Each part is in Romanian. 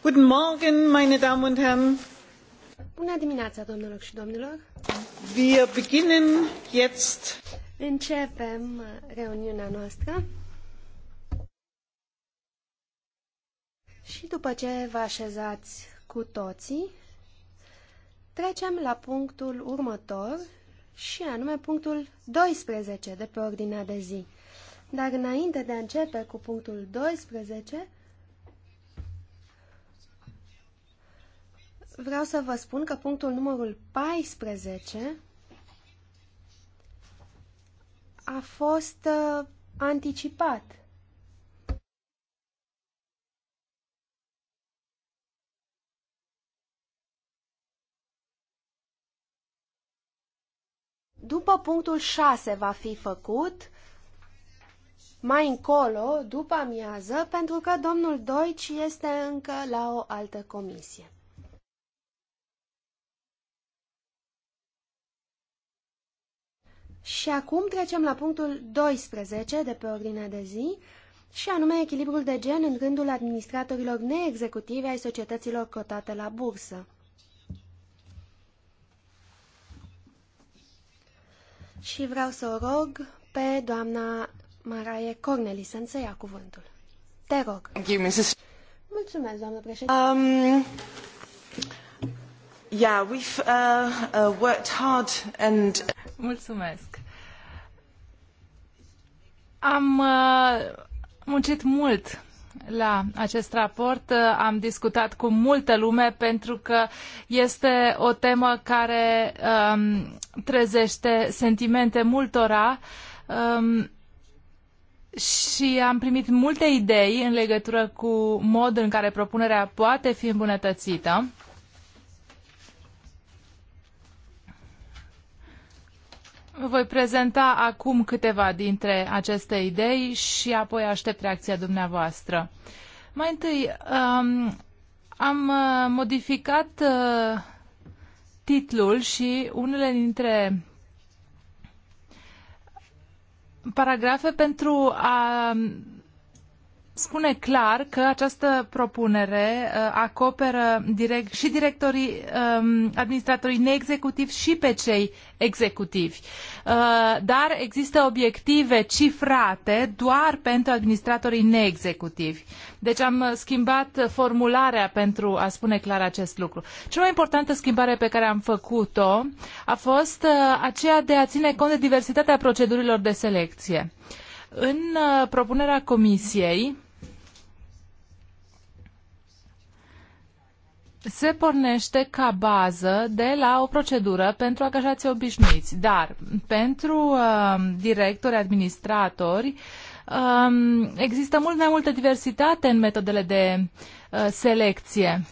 Guten Morgen, meine Damen und Herren. Bună dimineața, domnilor și domnilor. Wir beginnen jetzt. Începem reuniunea noastră. Și după ce vă așezați cu toții, trecem la punctul următor, și anume punctul 12 de pe ordinea de zi. Dar înainte de a începe cu punctul 12, vreau să vă spun că punctul numărul 14 a fost uh, anticipat. După punctul 6 va fi făcut, mai încolo, după amiază, pentru că domnul Doici este încă la o altă comisie. Și acum trecem la punctul 12 de pe ordinea de zi, și anume echilibrul de gen în rândul administratorilor neexecutive ai societăților cotate la bursă. Și vreau să o rog pe doamna Maraie Cornelisen să ia cuvântul. Te rog. Mulțumesc, doamnă președinte. Um... Yeah, we've uh, uh, worked hard and... Mulțumesc. Am uh, muncit mult la acest raport. Uh, am discutat cu multă lume pentru că este o temă care um, trezește sentimente multora um, și am primit multe idei în legătură cu modul în care propunerea poate fi îmbunătățită. Voi prezenta acum câteva dintre aceste idei și apoi aștept reacția dumneavoastră. Mai întâi, um, am uh, modificat uh, titlul și unele dintre paragrafe pentru a spune clar că această propunere uh, acoperă direct și directorii, um, administratorii neexecutivi și pe cei executivi. Uh, dar există obiective cifrate doar pentru administratorii neexecutivi. Deci am uh, schimbat formularea pentru a spune clar acest lucru. Cea mai importantă schimbare pe care am făcut-o a fost aceea de a ține cont de diversitatea procedurilor de selecție. În propunerea comisiei, se pornește ca bază de la o procedură pentru angajații obișnuiți, dar pentru uh, directori, administratori, um, există mult mai multă diversitate în metodele de uh, selecție.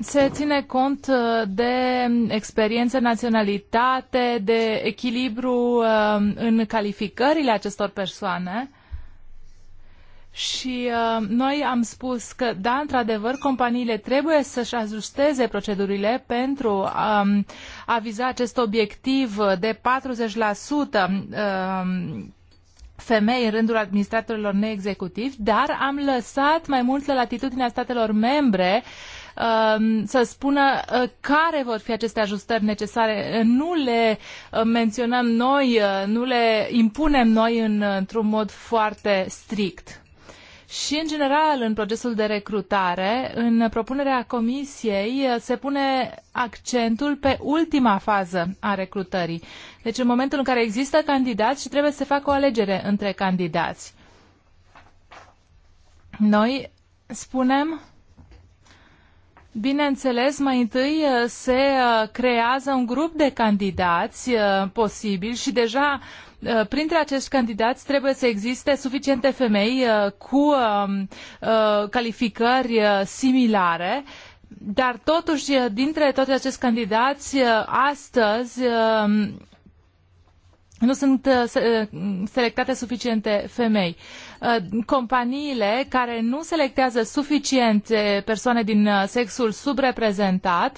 Se ține cont uh, de experiență, naționalitate, de echilibru uh, în calificările acestor persoane și uh, noi am spus că, da, într-adevăr, companiile trebuie să-și ajusteze procedurile pentru um, a viza acest obiectiv de 40% um, femei în rândul administratorilor neexecutivi, dar am lăsat mai mult la latitudinea statelor membre um, să spună uh, care vor fi aceste ajustări necesare. Nu le uh, menționăm noi, uh, nu le impunem noi în, într-un mod foarte strict. Și, în general, în procesul de recrutare, în propunerea comisiei, se pune accentul pe ultima fază a recrutării. Deci, în momentul în care există candidați și trebuie să se facă o alegere între candidați. Noi spunem Bineînțeles, mai întâi uh, se uh, creează un grup de candidați uh, posibil și deja Uh, printre acești candidați trebuie să existe suficiente femei uh, cu um, uh, calificări similare dar totuși, dintre toți acești candidați, astăzi um, nu sunt selectate suficiente femei. Uh, companiile care nu selectează suficient eh, persoane din uh, sexul subreprezentat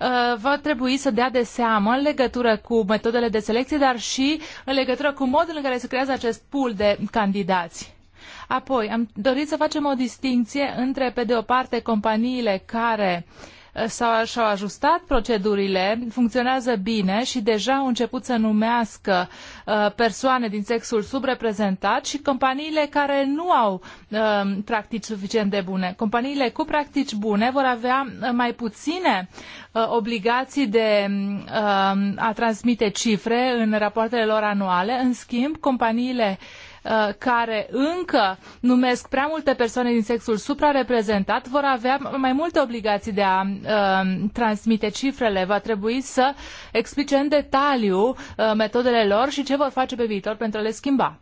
uh, va trebui să dea de seamă în legătură cu metodele de selecție, dar și în legătură cu modul în care se creează acest pool de candidați. Apoi, am dorit să facem o distinție între, pe de o parte, companiile care uh, s-au, și-au ajustat procedurile, funcționează bine și deja au început să numească uh, persoane din sexul subreprezentat și companiile care nu au uh, practici suficient de bune. Companiile cu practici bune vor avea uh, mai puține obligații de a transmite cifre în rapoartele lor anuale, în schimb, companiile Uh, care încă numesc prea multe persoane din sexul suprareprezentat vor avea mai multe obligații de a uh, transmite cifrele. Va trebui să explice în detaliu uh, metodele lor și ce vor face pe viitor pentru a le schimba.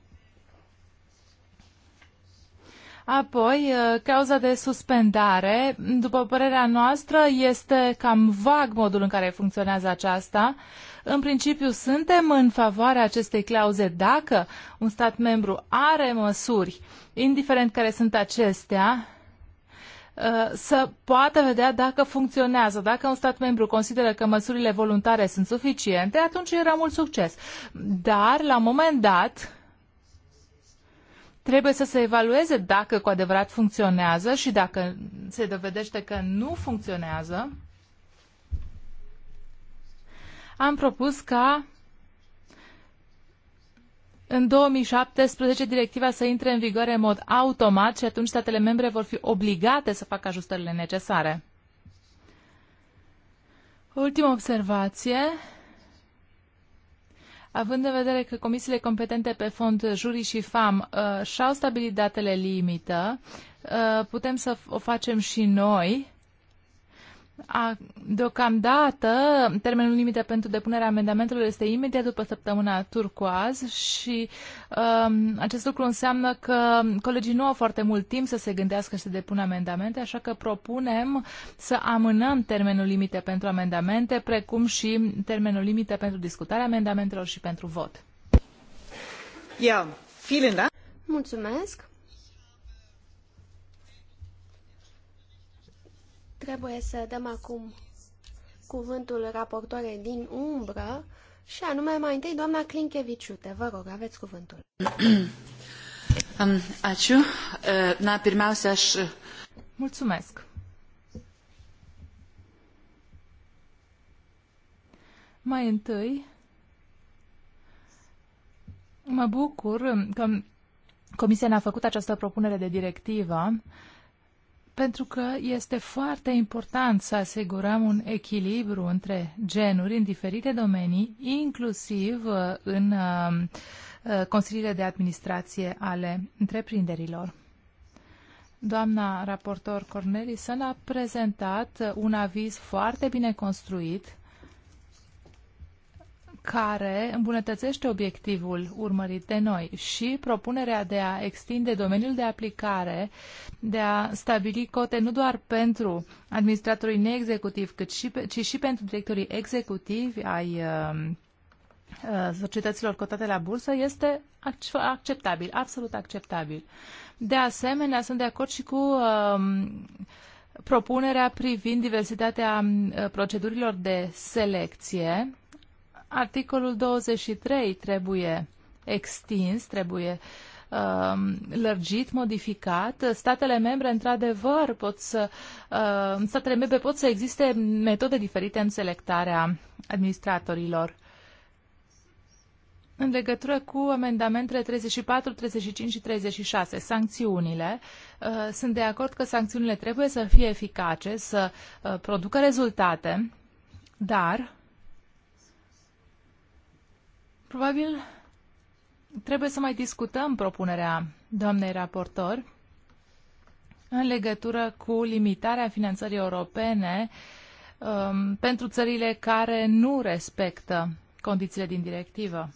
Apoi, uh, cauza de suspendare, după părerea noastră, este cam vag modul în care funcționează aceasta. Uh, în principiu, suntem în favoarea acestei clauze dacă un stat membru are măsuri, indiferent care sunt acestea, uh, să poată vedea dacă funcționează. Dacă un stat membru consideră că măsurile voluntare sunt suficiente, atunci era mult succes. Dar, la un moment dat, trebuie să se evalueze dacă cu adevărat funcționează și dacă se dovedește că nu funcționează, am propus ca în 2017 directiva să intre în vigoare în mod automat și atunci statele membre vor fi obligate să facă ajustările necesare. Ultima observație. Având în vedere că comisiile competente pe fond juri și FAM uh, și-au stabilit datele limită, uh, putem să o facem și noi a, deocamdată, termenul limită pentru depunerea amendamentelor este imediat după săptămâna turcoaz și um, acest lucru înseamnă că colegii nu au foarte mult timp să se gândească și să depună amendamente, așa că propunem să amânăm termenul limită pentru amendamente, precum și termenul limită pentru discutarea amendamentelor și pentru vot. Yeah. Vielen Mulțumesc! Trebuie să dăm acum cuvântul raportoarei din umbră și anume mai întâi doamna Klinkeviciute. Vă rog, aveți cuvântul. Aciu, um, uh, na, pirmiausia, aș... Mulțumesc. Mai întâi, mă bucur că Comisia ne-a făcut această propunere de directivă pentru că este foarte important să asigurăm un echilibru între genuri în diferite domenii, inclusiv uh, în uh, uh, consiliile de administrație ale întreprinderilor. Doamna raportor Cornelison a prezentat un aviz foarte bine construit care îmbunătățește obiectivul urmărit de noi și propunerea de a extinde domeniul de aplicare, de a stabili cote nu doar pentru administratorii neexecutivi, cât și, ci și pentru directorii executivi ai um, uh, societăților cotate la bursă este acceptabil, absolut acceptabil. De asemenea, sunt de acord și cu um, propunerea privind diversitatea uh, procedurilor de selecție Articolul 23 trebuie extins, trebuie um, lărgit, modificat. Statele membre, într-adevăr, pot să, în um, statele membre pot să existe metode diferite în selectarea administratorilor. În legătură cu amendamentele 34, 35 și 36, sancțiunile, uh, sunt de acord că sancțiunile trebuie să fie eficace, să uh, producă rezultate, dar Probabil trebuie să mai discutăm propunerea doamnei raportor în legătură cu limitarea finanțării europene um, pentru țările care nu respectă condițiile din directivă.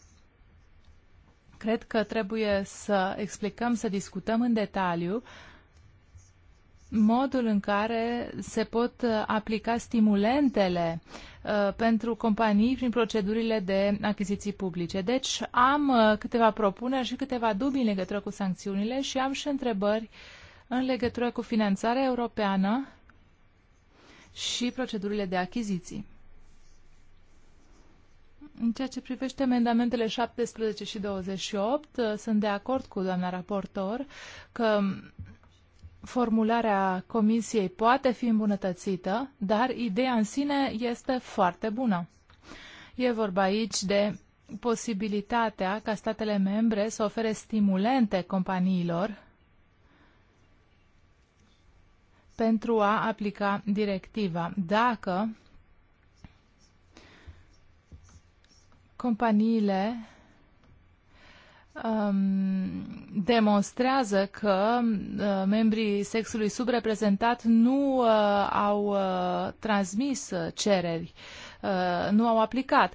Cred că trebuie să explicăm, să discutăm în detaliu uh, modul în care se pot aplica stimulentele uh, pentru companii prin procedurile de achiziții publice. Deci am uh, câteva propuneri și câteva dubii în legătură cu sancțiunile și am și întrebări în legătură cu finanțarea europeană și procedurile de achiziții. În ceea ce privește amendamentele 17 și 28, uh, sunt de acord cu doamna raportor că formularea comisiei poate fi îmbunătățită, dar ideea în sine este foarte bună. E vorba aici de posibilitatea ca statele membre să ofere stimulente companiilor pentru a aplica directiva. Dacă companiile Um, demonstrează că uh, membrii sexului subreprezentat nu uh, au uh, transmis cereri, nu au aplicat.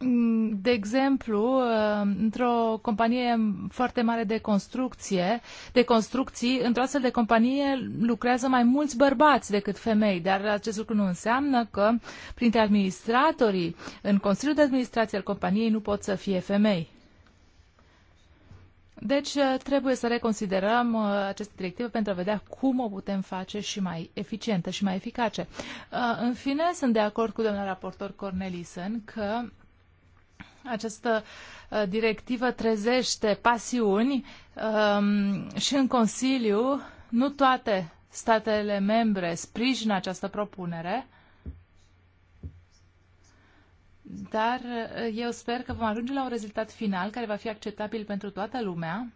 Mm, de exemplu, uh, într-o companie foarte mare de construcție, de construcții, într-o astfel de companie lucrează mai mulți bărbați decât femei, dar acest lucru nu înseamnă că printre administratorii în Consiliul de Administrație al companiei nu pot să fie femei. Deci uh, trebuie să reconsiderăm uh, aceste directive pentru a vedea cum o putem face și mai eficientă și mai eficace. În fine, sunt de acord cu domnul raportor Cornelison că această uh, directivă trezește pasiuni um, și în Consiliu nu toate statele membre sprijină această propunere, dar uh, eu sper că vom ajunge la un rezultat final care va fi acceptabil pentru toată lumea.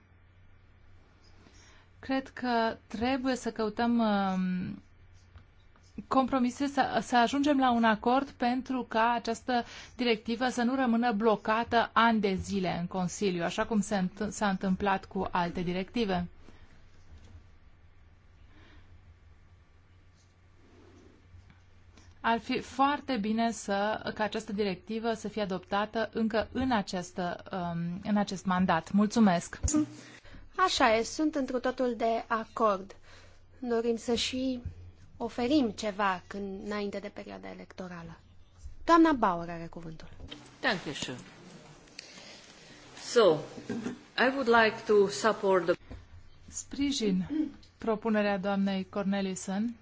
Cred că trebuie să căutăm um, compromise, să, să ajungem la un acord pentru ca această directivă să nu rămână blocată ani de zile în Consiliu, așa cum s-a întâmplat cu alte directive. Ar fi foarte bine să, ca această directivă să fie adoptată încă în, această, um, în acest mandat. Mulțumesc! Așa e, sunt într totul de acord. Dorim să și oferim ceva când, înainte de perioada electorală. Doamna Bauer are cuvântul. Dankeschön. So, I would like to support the... Sprijin propunerea doamnei Cornelison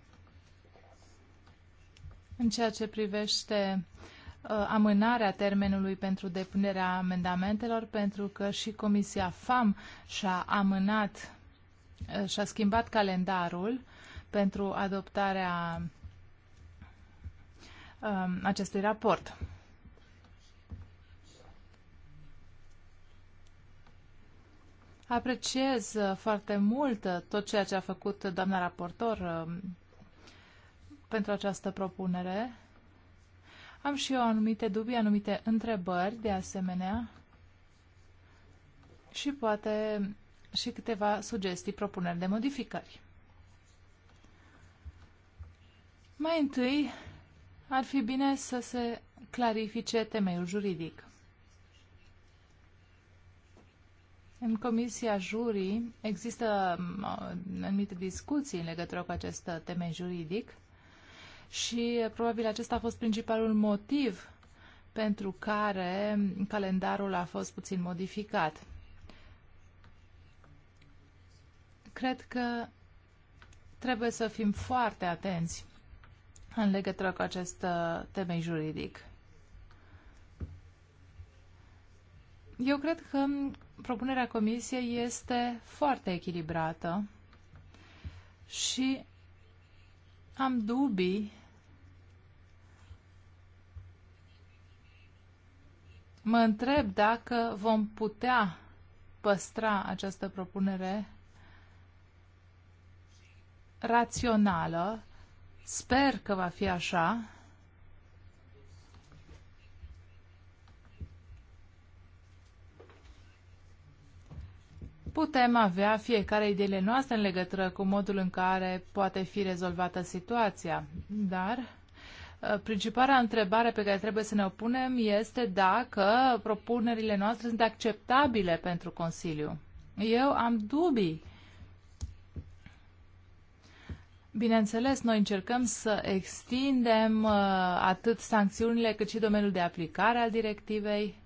în ceea ce privește uh, amânarea termenului pentru depunerea amendamentelor, pentru că și Comisia FAM și-a amânat, uh, și-a schimbat calendarul pentru adoptarea um, acestui raport. Apreciez uh, foarte mult uh, tot ceea ce a făcut doamna raportor um, pentru această propunere. Am și eu anumite dubii, anumite întrebări de asemenea și poate și câteva sugestii, propuneri de modificări. Mai întâi, ar fi bine să se clarifice temeiul juridic. În comisia jurii există mm, anumite discuții în legătură cu acest temei juridic și probabil acesta a fost principalul motiv pentru care calendarul a fost puțin modificat. Cred că trebuie să fim foarte atenți în legătură cu acest uh, temei juridic. Eu cred că propunerea comisiei este foarte echilibrată și am dubii Mă întreb dacă vom putea păstra această propunere rațională Sper că va fi așa. Putem avea fiecare ideile noastre în legătură cu modul în care poate fi rezolvată situația, dar uh, principala întrebare pe care trebuie să ne opunem este dacă propunerile noastre sunt acceptabile pentru Consiliu. Eu am dubii Bineînțeles, noi încercăm să extindem uh, atât sancțiunile cât și domeniul de aplicare al directivei.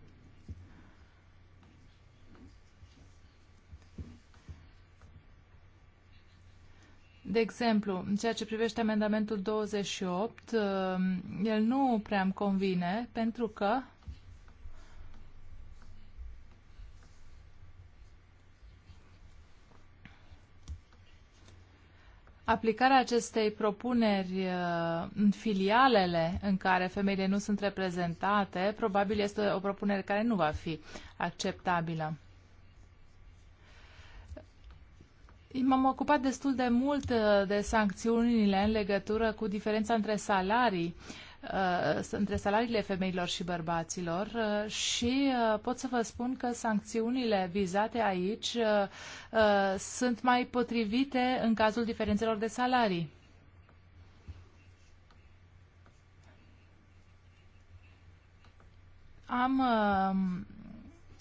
De exemplu, în ceea ce privește amendamentul 28, uh, el nu prea îmi convine pentru că aplicarea acestei propuneri uh, în filialele în care femeile nu sunt reprezentate, probabil este o propunere care nu va fi acceptabilă. M-am ocupat destul de mult uh, de sancțiunile în legătură cu diferența între salarii Uh, între salariile femeilor și bărbaților uh, și uh, pot să vă spun că sancțiunile vizate aici sunt mai potrivite în cazul diferențelor de salarii. Am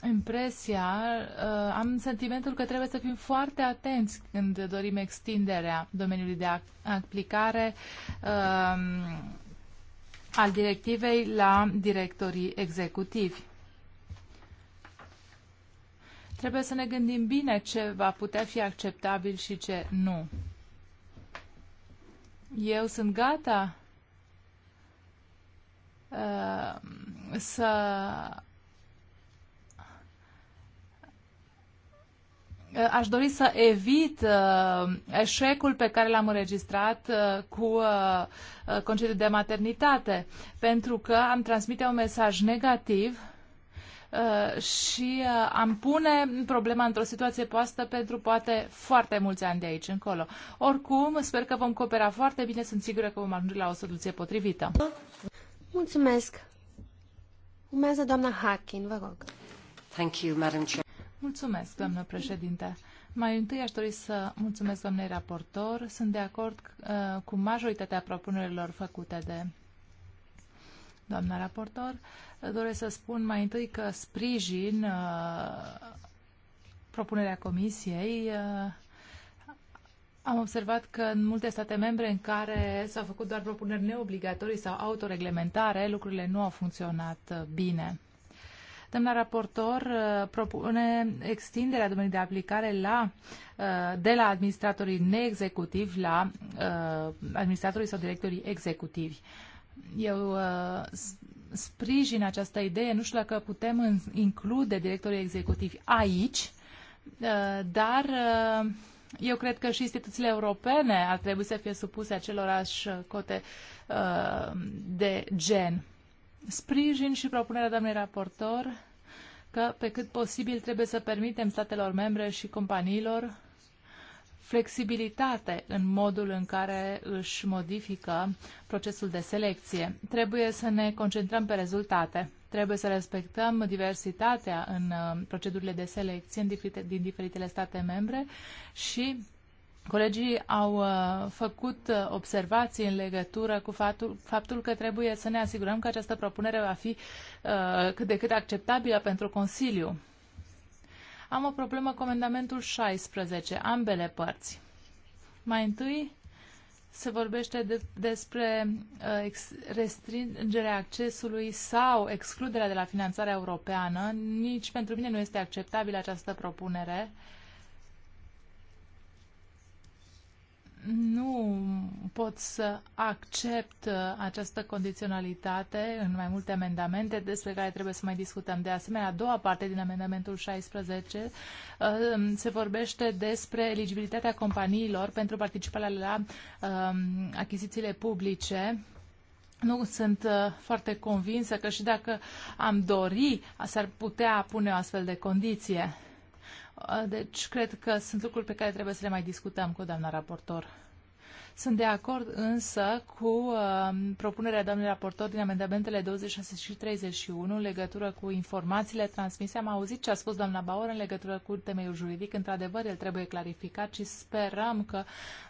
impresia, am sentimentul că trebuie să fim foarte atenți când dorim extinderea domeniului de aplicare al directivei la directorii executivi. Trebuie să ne gândim bine ce va putea fi acceptabil și ce nu. Eu sunt gata uh, să Eh, aș dori să evit eh, eșecul pe care l-am înregistrat eh, cu concediul de maternitate, pentru că am transmite un mesaj negativ și am pune problema într-o situație poastă pentru poate foarte mulți ani de aici încolo. Oricum, sper că vom coopera foarte bine, sunt sigură că vom ajunge la o soluție potrivită. Mulțumesc! Urmează doamna Harkin, vă rog. Thank you, Madam Chair. Mulțumesc, doamnă președinte. Mai întâi aș dori să mulțumesc doamnei raportor. Sunt de acord uh, cu majoritatea propunerilor făcute de doamna raportor. Doresc să spun mai întâi că sprijin uh, propunerea comisiei. Uh, am observat că în multe state membre în care s-au făcut doar propuneri neobligatorii sau autoreglementare, lucrurile nu au funcționat uh, bine. Doamna raportor uh, propune extinderea domeniului de aplicare la, uh, de la administratorii neexecutivi la uh, administratorii sau directorii executivi. Eu sprijin această idee, nu știu dacă putem include directorii executivi aici, dar eu cred că și instituțiile europene ar trebui să fie supuse acelorași cote de gen. Sprijin și propunerea doamnei raportor că pe cât posibil trebuie să permitem statelor membre și companiilor flexibilitate în modul în care își modifică procesul de selecție. Trebuie să ne concentrăm pe rezultate. Trebuie să respectăm diversitatea în uh, procedurile de selecție din diferitele state membre și Colegii au uh, făcut uh, observații în legătură cu faptul, faptul că trebuie să ne asigurăm că această propunere va fi uh, cât de cât acceptabilă pentru Consiliu. Am o problemă cu amendamentul 16, ambele părți. Mai întâi se vorbește de, despre uh, restringerea accesului sau excluderea de la finanțarea europeană. Nici pentru mine nu este acceptabilă această propunere. Uh, nu pot să accept uh, această condiționalitate în mai multe amendamente despre care trebuie să mai discutăm. De asemenea, a doua parte din amendamentul 16 uh, se vorbește despre eligibilitatea companiilor pentru participarea la um, achizițiile publice. Nu sunt uh, foarte convinsă că și dacă am dori, s-ar putea pune o astfel de condiție. Deci, cred că sunt lucruri pe care trebuie să le mai discutăm cu doamna raportor. Sunt de acord însă cu uh, propunerea doamnei raportor din amendamentele 26 și 31 în legătură cu informațiile transmise. Am auzit ce a spus doamna Bauer în legătură cu temeiul juridic. Într-adevăr, el trebuie clarificat și sperăm că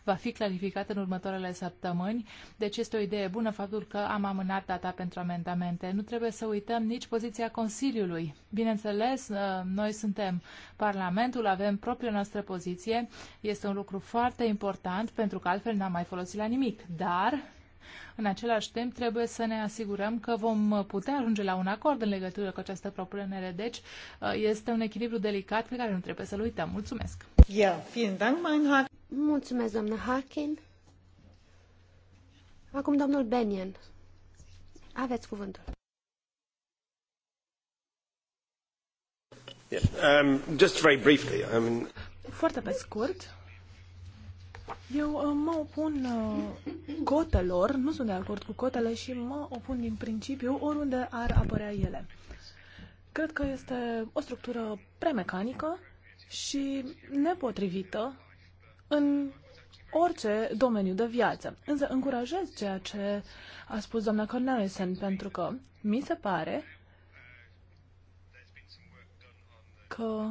va fi clarificat în următoarele săptămâni. Deci este o idee bună faptul că am amânat data pentru amendamente. Nu trebuie să uităm nici poziția Consiliului. Bineînțeles, uh, noi suntem Parlamentul, avem propria noastră poziție. Este un lucru foarte important pentru că altfel n-am mai folosi la nimic, dar în același timp, trebuie să ne asigurăm că vom putea ajunge la un acord în legătură cu această propunere. Deci, uh, este un echilibru delicat pe care nu trebuie să-l uităm. Mulțumesc! Yeah, vielen Dank, mein Mulțumesc, doamnă Harkin. Acum, domnul Benien. Aveți cuvântul. Yeah. Um, just very briefly, I mean... Foarte pe scurt, eu uh, mă opun uh, cotelor, nu sunt de acord cu cotele și mă opun din principiu oriunde ar apărea ele. Cred că este o structură premecanică și nepotrivită în orice domeniu de viață. Însă încurajez ceea ce a spus doamna Cornelisen, pentru că mi se pare că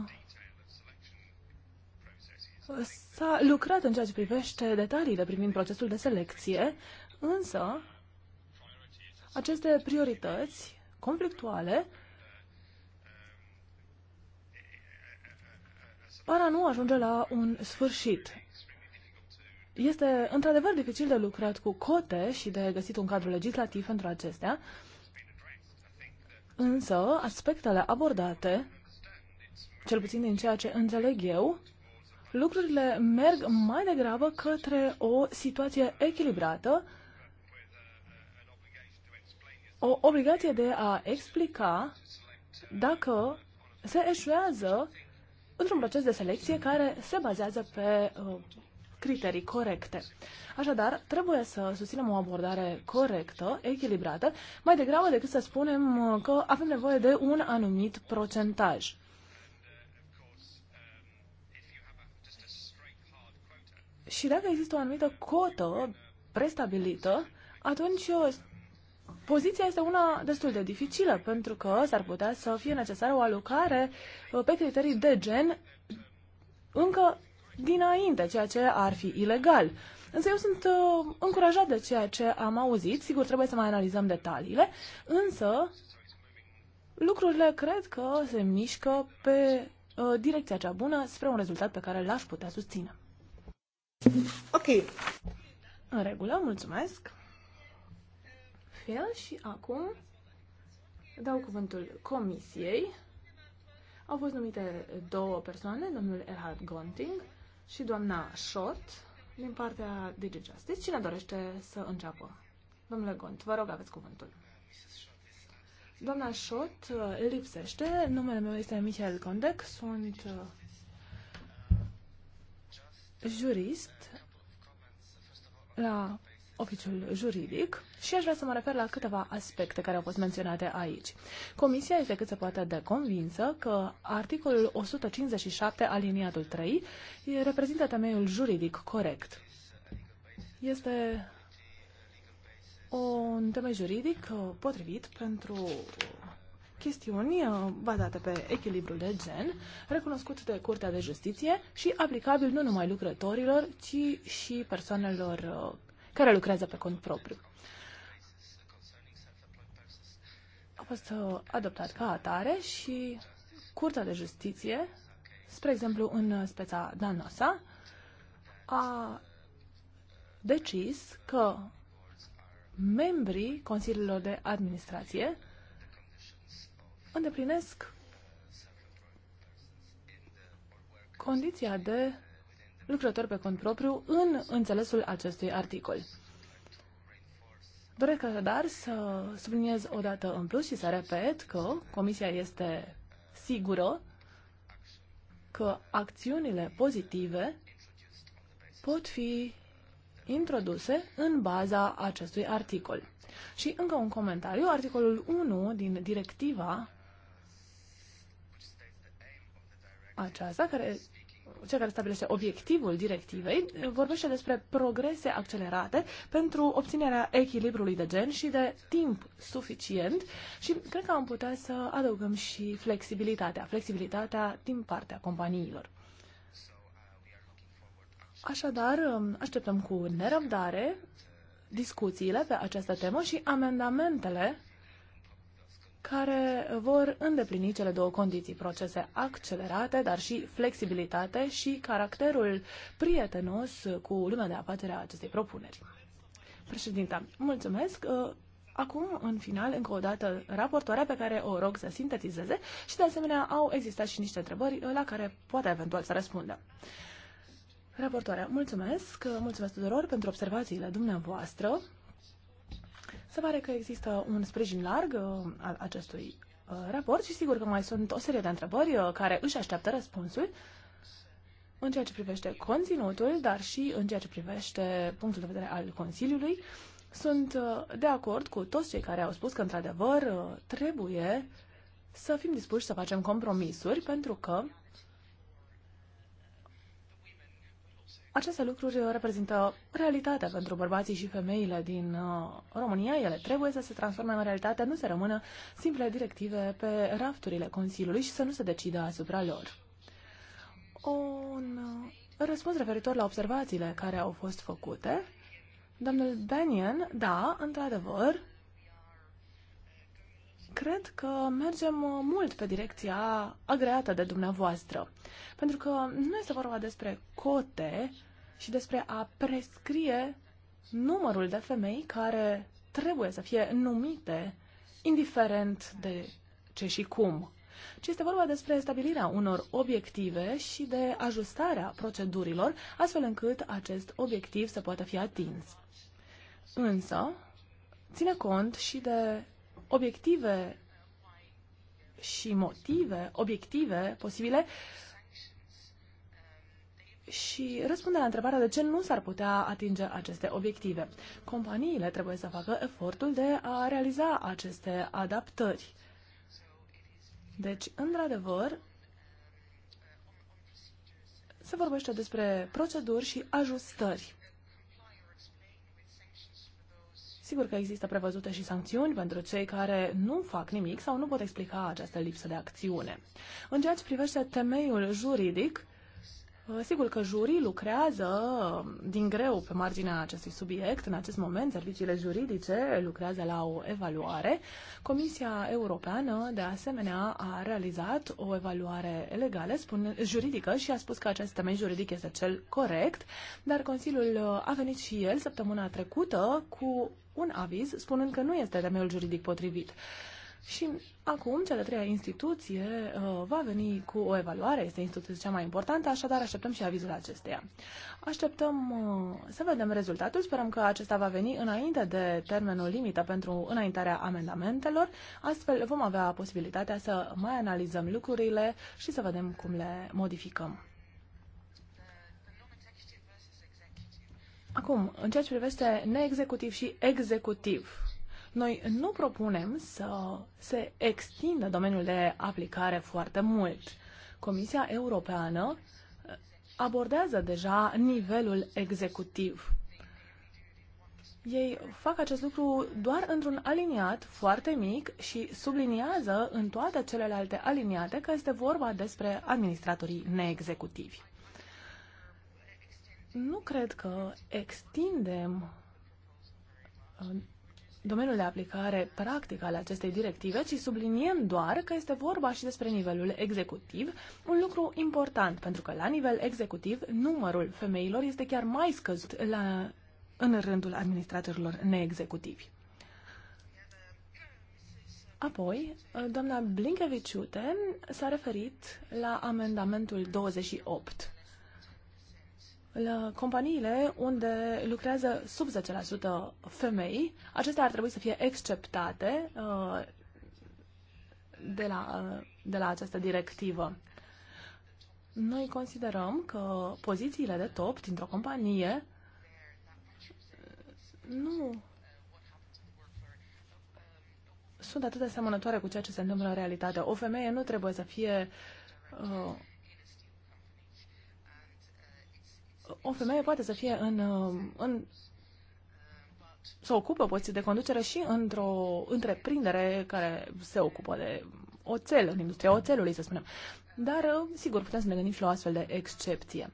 S-a lucrat în ceea ce privește detaliile privind procesul de selecție, însă aceste priorități conflictuale par a nu ajunge la un sfârșit. Este într-adevăr dificil de lucrat cu cote și de găsit un cadru legislativ pentru acestea, însă aspectele abordate, cel puțin din ceea ce înțeleg eu, lucrurile merg mai degrabă către o situație echilibrată, o obligație de a explica dacă se eșuează într-un proces de selecție care se bazează pe uh, criterii corecte. Așadar, trebuie să susținem o abordare corectă, echilibrată, mai degrabă decât să spunem uh, că avem nevoie de un anumit procentaj. Și dacă există o anumită cotă prestabilită, atunci uh, poziția este una destul de dificilă, pentru că s-ar putea să fie necesară o alocare uh, pe criterii de gen încă dinainte, ceea ce ar fi ilegal. Însă eu sunt uh, încurajat de ceea ce am auzit, sigur trebuie să mai analizăm detaliile, însă lucrurile cred că se mișcă pe uh, direcția cea bună spre un rezultat pe care l-aș putea susține. Ok. În regulă, mulțumesc. Fel și acum dau cuvântul comisiei. Au fost numite două persoane, domnul Erhard Gonting și doamna Schott din partea DG Justice. Cine dorește să înceapă? Domnule Gont, vă rog, aveți cuvântul. Doamna Schott lipsește. Numele meu este Michael Gondek. Sunt uh, jurist la oficiul juridic și aș vrea să mă refer la câteva aspecte care au fost menționate aici. Comisia este cât se poate de convinsă că articolul 157 aliniatul 3 reprezintă temeiul juridic corect. Este un temei juridic uh, potrivit pentru chestiuni uh, bazate pe echilibrul de gen, recunoscut de Curtea de Justiție și aplicabil nu numai lucrătorilor, ci și persoanelor uh, care lucrează pe cont propriu. A fost uh, adoptat ca atare și Curtea de Justiție, spre exemplu în speța Danosa, a decis că membrii Consiliilor de Administrație îndeplinesc condiția de lucrător pe cont propriu în înțelesul acestui articol. Doresc așadar să subliniez o dată în plus și să repet că Comisia este sigură că acțiunile pozitive pot fi introduse în baza acestui articol. Și încă un comentariu, articolul 1 din directiva aceasta, care, cea care stabilește obiectivul directivei, vorbește despre progrese accelerate pentru obținerea echilibrului de gen și de timp suficient și cred că am putea să adăugăm și flexibilitatea, flexibilitatea din partea companiilor. Așadar, um, așteptăm cu nerăbdare discuțiile pe această temă și amendamentele care vor îndeplini cele două condiții, procese accelerate, dar și flexibilitate și caracterul prietenos cu lumea de afacere a acestei propuneri. Președinta, mulțumesc. Uh, acum, în final, încă o dată, raportoarea pe care o rog să sintetizeze și, de asemenea, au existat și niște întrebări uh, la care poate eventual să răspundă. Raportoarea, mulțumesc, uh, mulțumesc tuturor pentru observațiile dumneavoastră. Se pare că există un sprijin larg uh, al acestui uh, raport și sigur că mai sunt o serie de întrebări uh, care își așteaptă răspunsul în ceea ce privește conținutul, dar și în ceea ce privește punctul de vedere al Consiliului. Sunt de acord cu toți cei care au spus că, într-adevăr, trebuie să fim dispuși să facem compromisuri, pentru că Aceste lucruri reprezintă realitatea pentru bărbații și femeile din uh, România. Ele trebuie să se transforme în realitate, nu să rămână simple directive pe rafturile Consiliului și să nu se decidă asupra lor. Un uh, răspuns referitor la observațiile care au fost făcute. Domnul Benian, da, într-adevăr, Cred că mergem uh, mult pe direcția agreată de dumneavoastră, pentru că nu este vorba despre cote și despre a prescrie numărul de femei care trebuie să fie numite, indiferent de ce și cum, ci este vorba despre stabilirea unor obiective și de ajustarea procedurilor, astfel încât acest obiectiv să poată fi atins. Însă, ține cont și de obiective și motive obiective posibile și răspunde la întrebarea de ce nu s-ar putea atinge aceste obiective. Companiile trebuie să facă efortul de a realiza aceste adaptări. Deci, într-adevăr, se vorbește despre proceduri și ajustări. Sigur că există prevăzute și sancțiuni pentru cei care nu fac nimic sau nu pot explica această lipsă de acțiune. În ceea ce privește temeiul juridic, Uh, sigur că jurii lucrează um, din greu pe marginea acestui subiect. În acest moment, serviciile juridice lucrează la o evaluare. Comisia Europeană, de asemenea, a realizat o evaluare legală, spune, juridică și a spus că acest temei juridic este cel corect, dar Consiliul uh, a venit și el săptămâna trecută cu un aviz spunând că nu este temeiul juridic potrivit. Și acum, cea de treia instituție uh, va veni cu o evaluare, este instituția cea mai importantă, așadar așteptăm și avizul acesteia. Așteptăm uh, să vedem rezultatul, sperăm că acesta va veni înainte de termenul limită pentru înaintarea amendamentelor, astfel vom avea posibilitatea să mai analizăm lucrurile și să vedem cum le modificăm. Acum, în ceea ce privește neexecutiv și executiv, noi nu propunem să se extindă domeniul de aplicare foarte mult. Comisia Europeană uh, abordează deja nivelul executiv. Ei fac acest lucru doar într-un aliniat foarte mic și subliniază în toate celelalte aliniate că este vorba despre administratorii neexecutivi. Nu cred că extindem uh, domeniul de aplicare practic al acestei directive, ci subliniem doar că este vorba și despre nivelul executiv, un lucru important, pentru că la nivel executiv numărul femeilor este chiar mai scăzut la, în rândul administratorilor neexecutivi. Apoi, doamna Blinkeviciute s-a referit la amendamentul 28. La companiile unde lucrează sub 10% femei, acestea ar trebui să fie exceptate uh, de la, uh, de la această directivă. Noi considerăm că pozițiile de top dintr-o companie nu sunt atât de asemănătoare cu ceea ce se întâmplă în realitate. O femeie nu trebuie să fie uh, o femeie poate să fie în, uh, în să ocupe poziții de conducere și într-o întreprindere care se ocupă de oțel, în industria oțelului, să spunem. Dar, uh, sigur, putem să ne gândim și la o astfel de excepție.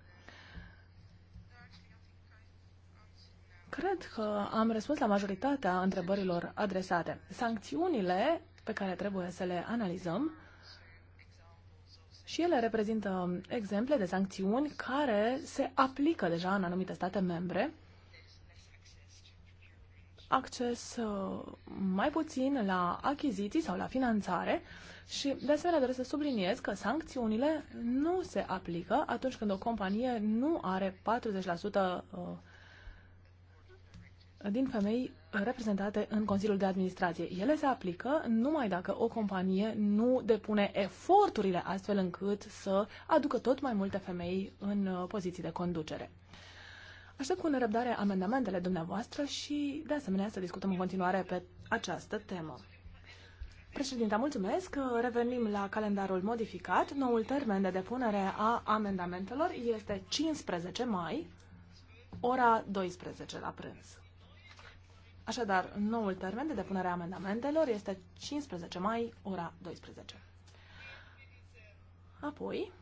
Cred că am răspuns la majoritatea întrebărilor adresate. Sancțiunile pe care trebuie să le analizăm și ele reprezintă exemple de sancțiuni care se aplică deja în anumite state membre. Acces uh, mai puțin la achiziții sau la finanțare și de asemenea doresc să subliniez că sancțiunile nu se aplică atunci când o companie nu are 40% din femei reprezentate în Consiliul de Administrație. Ele se aplică numai dacă o companie nu depune eforturile astfel încât să aducă tot mai multe femei în uh, poziții de conducere. Aștept cu nerăbdare amendamentele dumneavoastră și, de asemenea, să discutăm în continuare pe această temă. Președinte, mulțumesc. Revenim la calendarul modificat. Noul termen de depunere a amendamentelor este 15 mai, ora 12 la prânz. Așadar, noul termen de depunere a amendamentelor este 15 mai, ora 12. Apoi,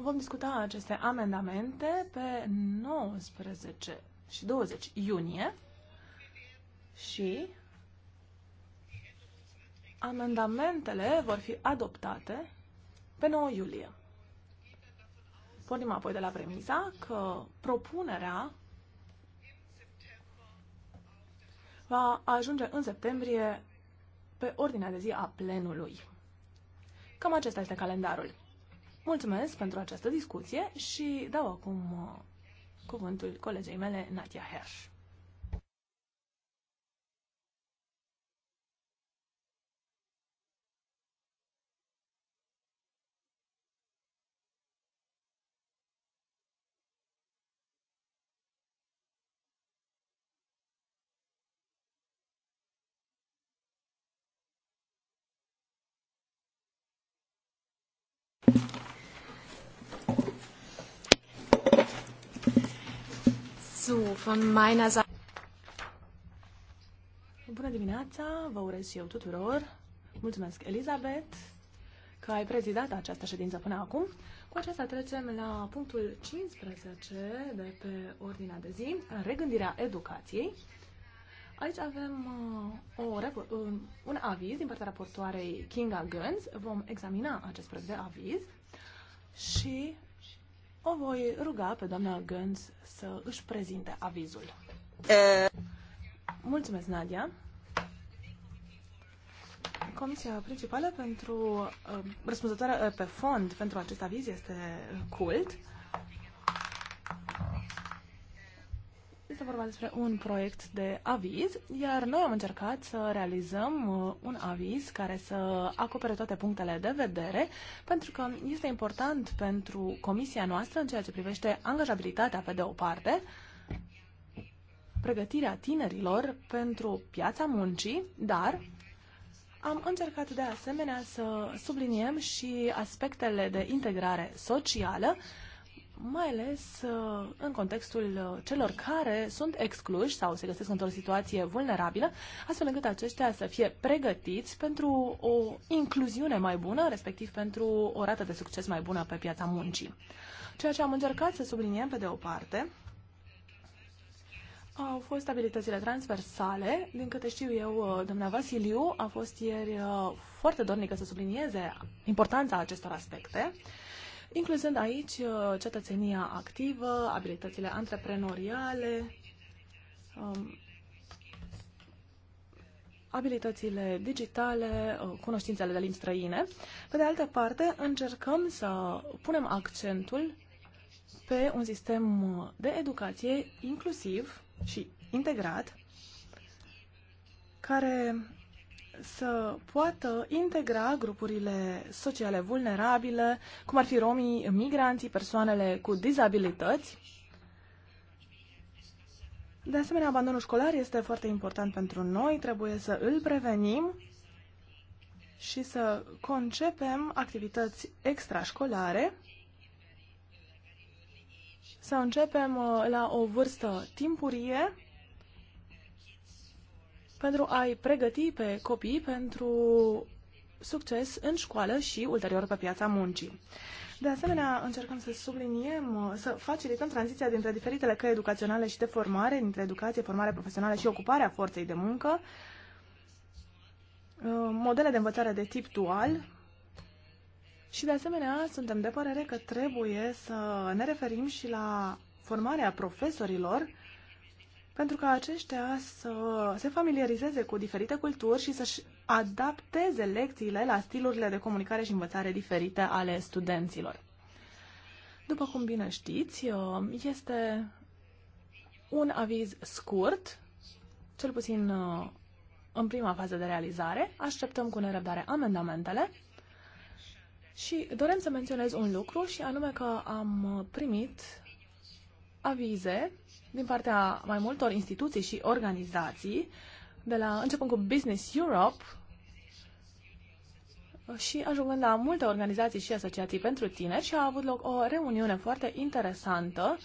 vom discuta aceste amendamente pe 19 și 20 iunie și amendamentele vor fi adoptate pe 9 iulie. Pornim apoi de la premisa că propunerea va ajunge în septembrie pe ordinea de zi a plenului. Cam acesta este calendarul. Mulțumesc pentru această discuție și dau acum uh, cuvântul colegei mele, Nadia Hersh. von meiner Seite. Bună dimineața, vă urez și eu tuturor. Mulțumesc, Elizabeth, că ai prezidat această ședință până acum. Cu aceasta trecem la punctul 15 de pe ordinea de zi, regândirea educației. Aici avem uh, o, uh, un aviz din partea raportoarei Kinga Guns. Vom examina acest proiect de aviz și o voi ruga pe doamna Gânz să își prezinte avizul. Mulțumesc, Nadia. Comisia principală pentru uh, uh, pe fond pentru acest aviz este cult. Este vorba despre un proiect de aviz, iar noi am încercat să realizăm uh, un aviz care să acopere toate punctele de vedere, pentru că este important pentru comisia noastră în ceea ce privește angajabilitatea pe de o parte, pregătirea tinerilor pentru piața muncii, dar am încercat de asemenea să subliniem și aspectele de integrare socială mai ales uh, în contextul uh, celor care sunt excluși sau se găsesc într-o situație vulnerabilă, astfel încât aceștia să fie pregătiți pentru o incluziune mai bună, respectiv pentru o rată de succes mai bună pe piața muncii. Ceea ce am încercat să subliniem pe de o parte au fost abilitățile transversale. Din câte știu eu, uh, doamna Vasiliu a fost ieri foarte dornică să sublinieze importanța acestor aspecte incluzând aici uh, cetățenia activă, abilitățile antreprenoriale, um, abilitățile digitale, uh, cunoștințele de limbi străine. Pe de altă parte, încercăm să punem accentul pe un sistem de educație inclusiv și integrat, care să poată integra grupurile sociale vulnerabile, cum ar fi romii, migranții, persoanele cu dizabilități. De asemenea, abandonul școlar este foarte important pentru noi, trebuie să îl prevenim și să concepem activități extrașcolare, să începem uh, la o vârstă timpurie, pentru a-i pregăti pe copii pentru succes în școală și ulterior pe piața muncii. De asemenea, încercăm să subliniem, să facilităm tranziția dintre diferitele căi educaționale și de formare, dintre educație, formare profesională și ocuparea forței de muncă, modele de învățare de tip dual, și de asemenea, suntem de părere că trebuie să ne referim și la formarea profesorilor pentru ca aceștia să se familiarizeze cu diferite culturi și să-și adapteze lecțiile la stilurile de comunicare și învățare diferite ale studenților. După cum bine știți, este un aviz scurt, cel puțin în prima fază de realizare. Așteptăm cu nerăbdare amendamentele și dorem să menționez un lucru și anume că am primit avize din partea mai multor instituții și organizații, de la începând cu Business Europe și ajungând la multe organizații și asociații pentru tineri și a avut loc o reuniune foarte interesantă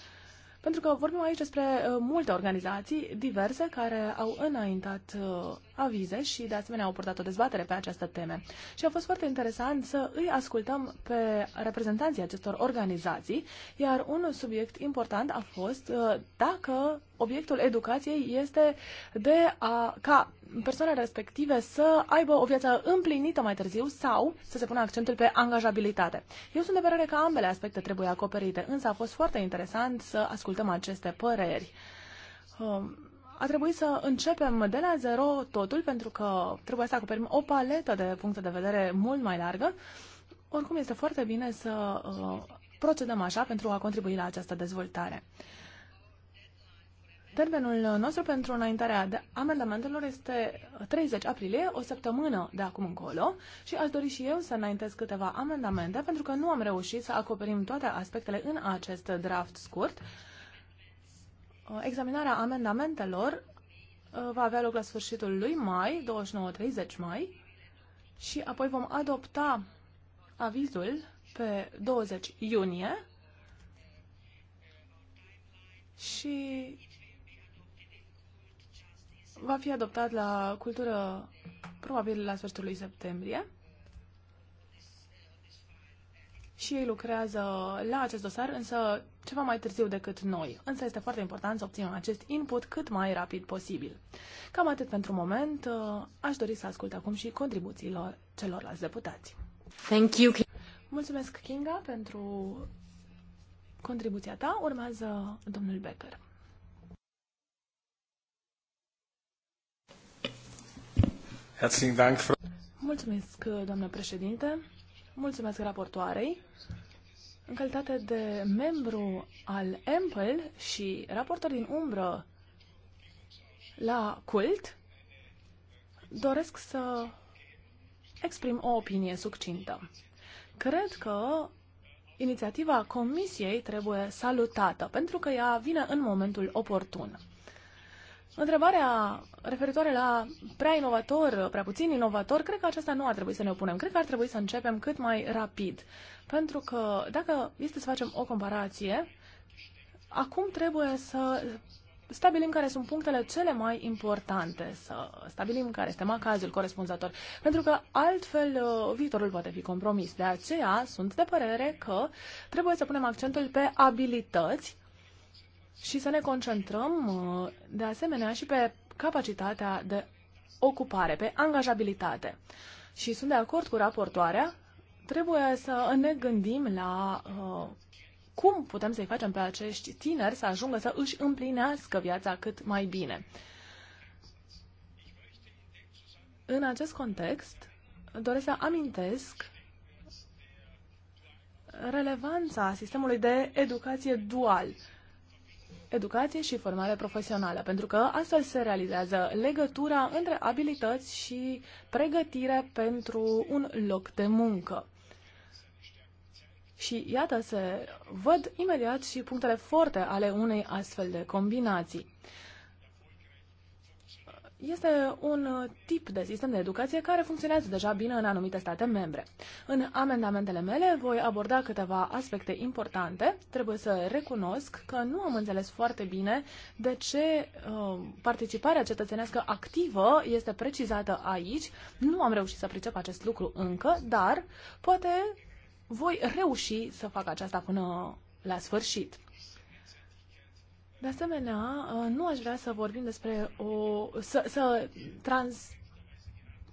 pentru că vorbim aici despre uh, multe organizații diverse care au înaintat uh, avize și de asemenea au purtat o dezbatere pe această teme. Și a fost foarte interesant să îi ascultăm pe reprezentanții acestor organizații, iar un subiect important a fost uh, dacă obiectul educației este de a, ca persoanele respective să aibă o viață împlinită mai târziu sau să se pună accentul pe angajabilitate. Eu sunt de părere că ambele aspecte trebuie acoperite, însă a fost foarte interesant să ascultăm aceste păreri. Um, a trebuit să începem de la zero totul, pentru că trebuie să acoperim o paletă de puncte de vedere mult mai largă. Oricum, este foarte bine să uh, procedăm așa pentru a contribui la această dezvoltare. Termenul nostru pentru înaintarea de amendamentelor este 30 aprilie, o săptămână de acum încolo și aș dori și eu să înaintez câteva amendamente pentru că nu am reușit să acoperim toate aspectele în acest draft scurt. Examinarea amendamentelor uh, va avea loc la sfârșitul lui mai, 29-30 mai, și apoi vom adopta avizul pe 20 iunie și va fi adoptat la cultură probabil la sfârșitul lui septembrie. Și ei lucrează la acest dosar, însă ceva mai târziu decât noi. Însă este foarte important să obținem acest input cât mai rapid posibil. Cam atât pentru moment. Aș dori să ascult acum și contribuțiilor celorlalți deputați. Thank you. Mulțumesc, Kinga, pentru contribuția ta. Urmează domnul Becker. Mulțumesc, doamnă președinte. Mulțumesc raportoarei. În calitate de membru al EMPL și raportor din umbră la cult, doresc să exprim o opinie succintă. Cred că inițiativa Comisiei trebuie salutată, pentru că ea vine în momentul oportun. Întrebarea referitoare la prea inovator, prea puțin inovator, cred că aceasta nu ar trebui să ne opunem. Cred că ar trebui să începem cât mai rapid. Pentru că dacă este să facem o comparație, acum trebuie să stabilim care sunt punctele cele mai importante, să stabilim care este macazul corespunzător, pentru că altfel uh, viitorul poate fi compromis. De aceea sunt de părere că trebuie să punem accentul pe abilități, și să ne concentrăm uh, de asemenea și pe capacitatea de ocupare, pe angajabilitate. Și sunt de acord cu raportoarea, trebuie să ne gândim la uh, cum putem să-i facem pe acești tineri să ajungă să își împlinească viața cât mai bine. În acest context, doresc să amintesc relevanța sistemului de educație dual, educație și formare profesională, pentru că astfel se realizează legătura între abilități și pregătire pentru un loc de muncă. Și iată, se văd imediat și punctele forte ale unei astfel de combinații este un uh, tip de sistem de educație care funcționează deja bine în anumite state membre. În amendamentele mele voi aborda câteva aspecte importante. Trebuie să recunosc că nu am înțeles foarte bine de ce uh, participarea cetățenească activă este precizată aici. Nu am reușit să pricep acest lucru încă, dar poate voi reuși să fac aceasta până la sfârșit. De asemenea, uh, nu aș vrea să vorbim despre o... să, să trans,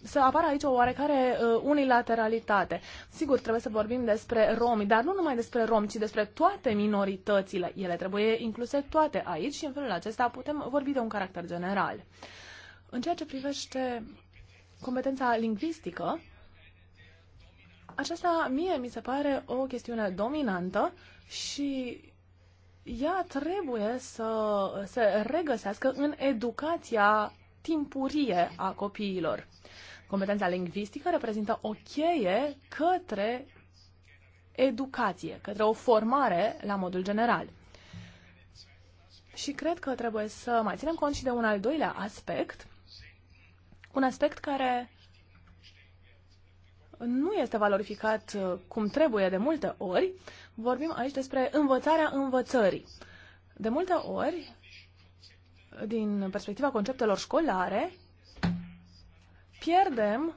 să apară aici o oarecare uh, unilateralitate. Sigur, trebuie să vorbim despre romi, dar nu numai despre romi, ci despre toate minoritățile. Ele trebuie incluse toate aici și în felul acesta putem vorbi de un caracter general. În ceea ce privește competența lingvistică, aceasta mie mi se pare o chestiune dominantă și ea trebuie să se regăsească în educația timpurie a copiilor. Competența lingvistică reprezintă o cheie către educație, către o formare la modul general. Și cred că trebuie să mai ținem cont și de un al doilea aspect, un aspect care nu este valorificat uh, cum trebuie de multe ori, vorbim aici despre învățarea învățării. De multe ori, din perspectiva conceptelor școlare, pierdem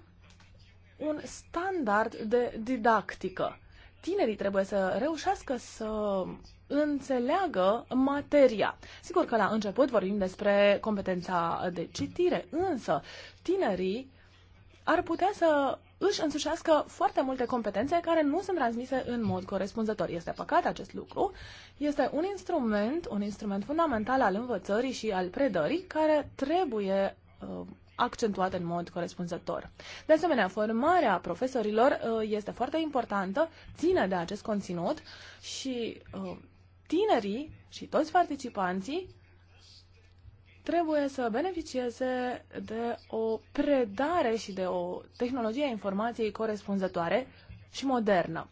un standard de didactică. Tinerii trebuie să reușească să înțeleagă materia. Sigur că la început vorbim despre competența de citire, însă tinerii ar putea să își însușească foarte multe competențe care nu sunt transmise în mod corespunzător. Este păcat acest lucru. Este un instrument, un instrument fundamental al învățării și al predării care trebuie uh, accentuat în mod corespunzător. De asemenea, formarea profesorilor uh, este foarte importantă, ține de acest conținut și uh, tinerii și toți participanții trebuie să beneficieze de o predare și de o tehnologie a informației corespunzătoare și modernă.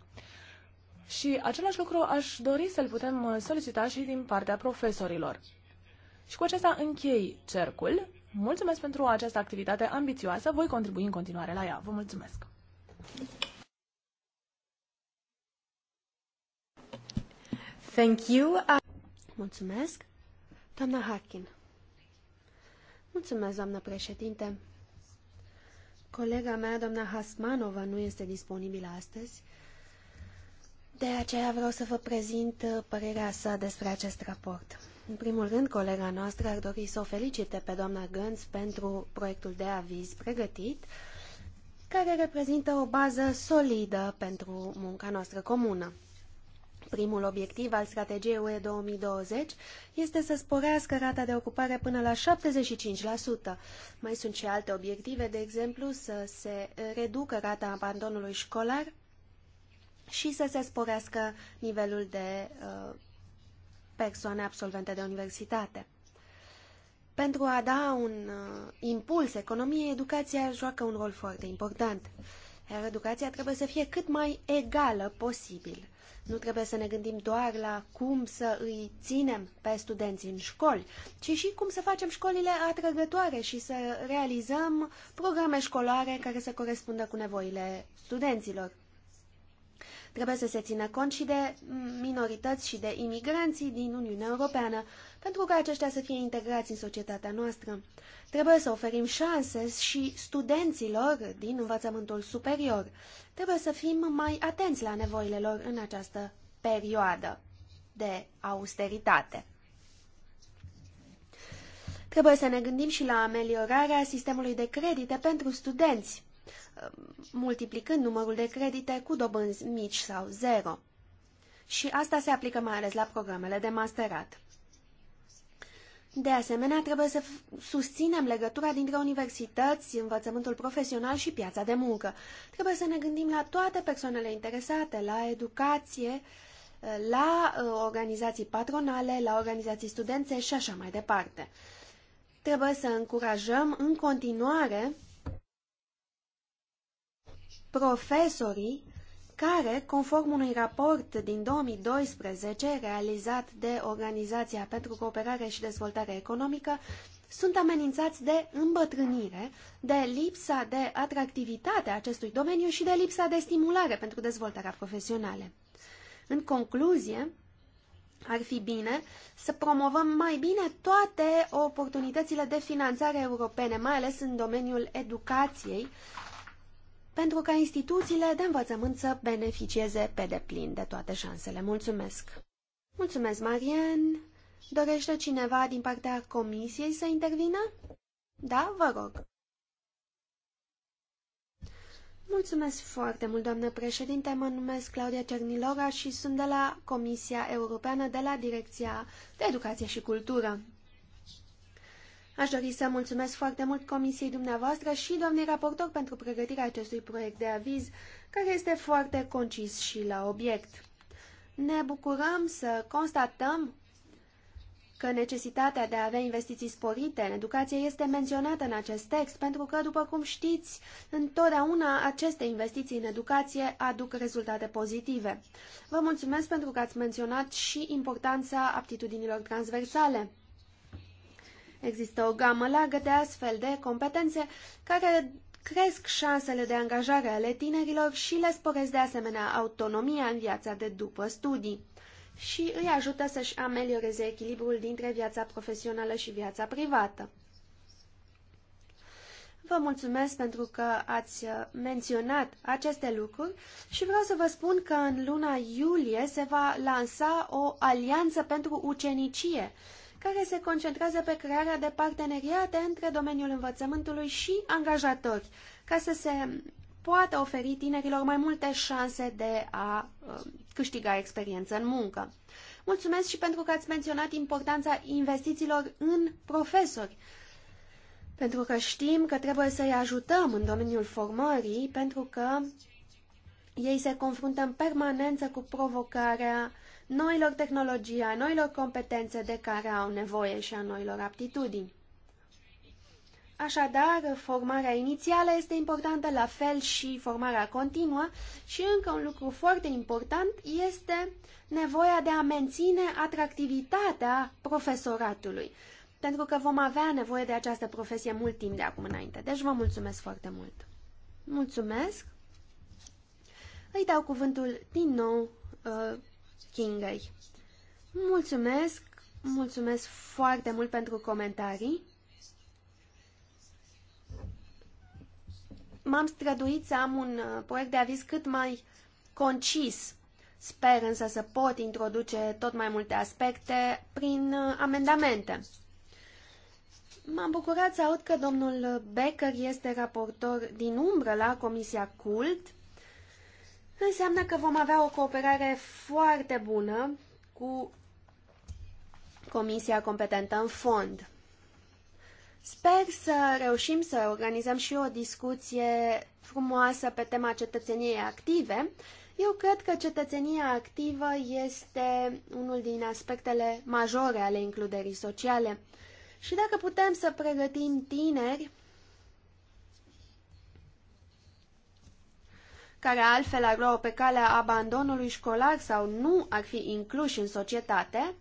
Și același lucru aș dori să-l putem solicita și din partea profesorilor. Și cu acesta închei cercul. Mulțumesc pentru această activitate ambițioasă. Voi contribui în continuare la ea. Vă mulțumesc! Thank you. Mulțumesc. Doamna Harkin. Mulțumesc, doamnă președinte. Colega mea, doamna Hasmanova, nu este disponibilă astăzi. De aceea vreau să vă prezint uh, părerea sa despre acest raport. În primul rând, colega noastră ar dori să o felicite pe doamna Gânz pentru proiectul de aviz pregătit, care reprezintă o bază solidă pentru munca noastră comună. Primul obiectiv al strategiei UE 2020 este să sporească rata de ocupare până la 75%. Mai sunt și alte obiective, de exemplu, să se reducă rata abandonului școlar și să se sporească nivelul de uh, persoane absolvente de universitate. Pentru a da un uh, impuls economiei, educația joacă un rol foarte important, iar educația trebuie să fie cât mai egală posibil. Nu trebuie să ne gândim doar la cum să îi ținem pe studenți în școli, ci și cum să facem școlile atrăgătoare și să realizăm programe școlare care să corespundă cu nevoile studenților. Trebuie să se țină cont și de minorități și de imigranții din Uniunea Europeană, pentru ca aceștia să fie integrați în societatea noastră. Trebuie să oferim șanse și studenților din învățământul superior. Trebuie să fim mai atenți la nevoile lor în această perioadă de austeritate. Trebuie să ne gândim și la ameliorarea sistemului de credite pentru studenți, multiplicând numărul de credite cu dobânzi mici sau zero. Și asta se aplică mai ales la programele de masterat. De asemenea, trebuie să susținem legătura dintre universități, învățământul profesional și piața de muncă. Trebuie să ne gândim la toate persoanele interesate, la educație, la uh, organizații patronale, la organizații studențe și așa mai departe. Trebuie să încurajăm în continuare profesorii care, conform unui raport din 2012 realizat de Organizația pentru Cooperare și Dezvoltare Economică, sunt amenințați de îmbătrânire, de lipsa de atractivitate a acestui domeniu și de lipsa de stimulare pentru dezvoltarea profesională. În concluzie, ar fi bine să promovăm mai bine toate oportunitățile de finanțare europene, mai ales în domeniul educației, pentru ca instituțiile de învățământ să beneficieze pe deplin de toate șansele. Mulțumesc! Mulțumesc, Marian! Dorește cineva din partea comisiei să intervină? Da, vă rog! Mulțumesc foarte mult, doamnă președinte. Mă numesc Claudia Cernilora și sunt de la Comisia Europeană de la Direcția de Educație și Cultură. Aș dori să mulțumesc foarte mult comisiei dumneavoastră și doamnei raportor pentru pregătirea acestui proiect de aviz, care este foarte concis și la obiect. Ne bucurăm să constatăm că necesitatea de a avea investiții sporite în educație este menționată în acest text, pentru că, după cum știți, întotdeauna aceste investiții în educație aduc rezultate pozitive. Vă mulțumesc pentru că ați menționat și importanța aptitudinilor transversale. Există o gamă largă de astfel de competențe care cresc șansele de angajare ale tinerilor și le sporesc de asemenea autonomia în viața de după studii și îi ajută să-și amelioreze echilibrul dintre viața profesională și viața privată. Vă mulțumesc pentru că ați menționat aceste lucruri și vreau să vă spun că în luna iulie se va lansa o alianță pentru ucenicie care se concentrează pe crearea de parteneriate între domeniul învățământului și angajatori, ca să se poată oferi tinerilor mai multe șanse de a um, câștiga experiență în muncă. Mulțumesc și pentru că ați menționat importanța investițiilor în profesori, pentru că știm că trebuie să-i ajutăm în domeniul formării, pentru că ei se confruntă în permanență cu provocarea noilor tehnologii, a noilor competențe de care au nevoie și a noilor aptitudini. Așadar, formarea inițială este importantă, la fel și formarea continuă și încă un lucru foarte important este nevoia de a menține atractivitatea profesoratului, pentru că vom avea nevoie de această profesie mult timp de acum înainte. Deci vă mulțumesc foarte mult! Mulțumesc! Îi dau cuvântul din nou uh, Kingai. Mulțumesc, mulțumesc foarte mult pentru comentarii. M-am străduit să am un uh, proiect de aviz cât mai concis. Sper însă să pot introduce tot mai multe aspecte prin uh, amendamente. M-am bucurat să aud că domnul Becker este raportor din umbră la Comisia Cult înseamnă că vom avea o cooperare foarte bună cu Comisia competentă în fond. Sper să reușim să organizăm și o discuție frumoasă pe tema cetățeniei active. Eu cred că cetățenia activă este unul din aspectele majore ale includerii sociale. Și dacă putem să pregătim tineri care altfel ar lua pe calea abandonului școlar sau nu ar fi incluși în societate,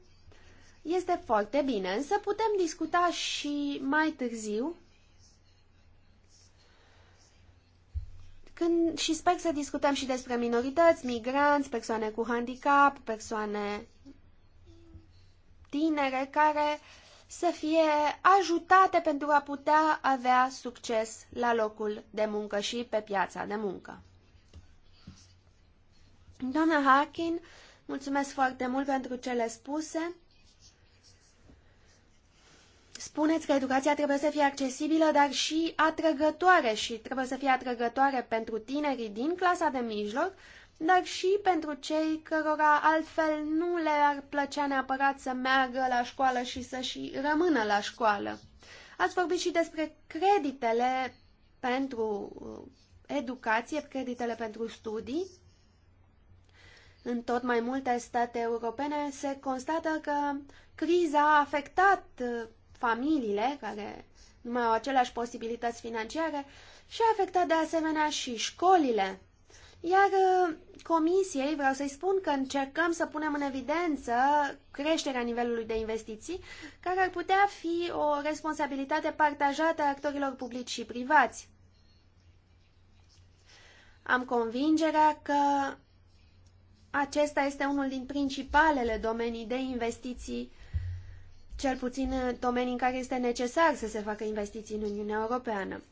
este foarte bine, însă putem discuta și mai târziu când, și sper să discutăm și despre minorități, migranți, persoane cu handicap, persoane tinere care să fie ajutate pentru a putea avea succes la locul de muncă și pe piața de muncă. Doamna Harkin, mulțumesc foarte mult pentru cele spuse. Spuneți că educația trebuie să fie accesibilă, dar și atrăgătoare și trebuie să fie atrăgătoare pentru tinerii din clasa de mijloc, dar și pentru cei cărora altfel nu le-ar plăcea neapărat să meargă la școală și să și rămână la școală. Ați vorbit și despre creditele pentru uh, educație, creditele pentru studii. În tot mai multe state europene se constată că criza a afectat uh, familiile care nu mai au aceleași posibilități financiare și a afectat de asemenea și școlile. Iar uh, comisiei vreau să-i spun că încercăm să punem în evidență creșterea nivelului de investiții, care ar putea fi o responsabilitate partajată a actorilor publici și privați. Am convingerea că acesta este unul din principalele domenii de investiții, cel puțin domenii în care este necesar să se facă investiții în Uniunea Europeană.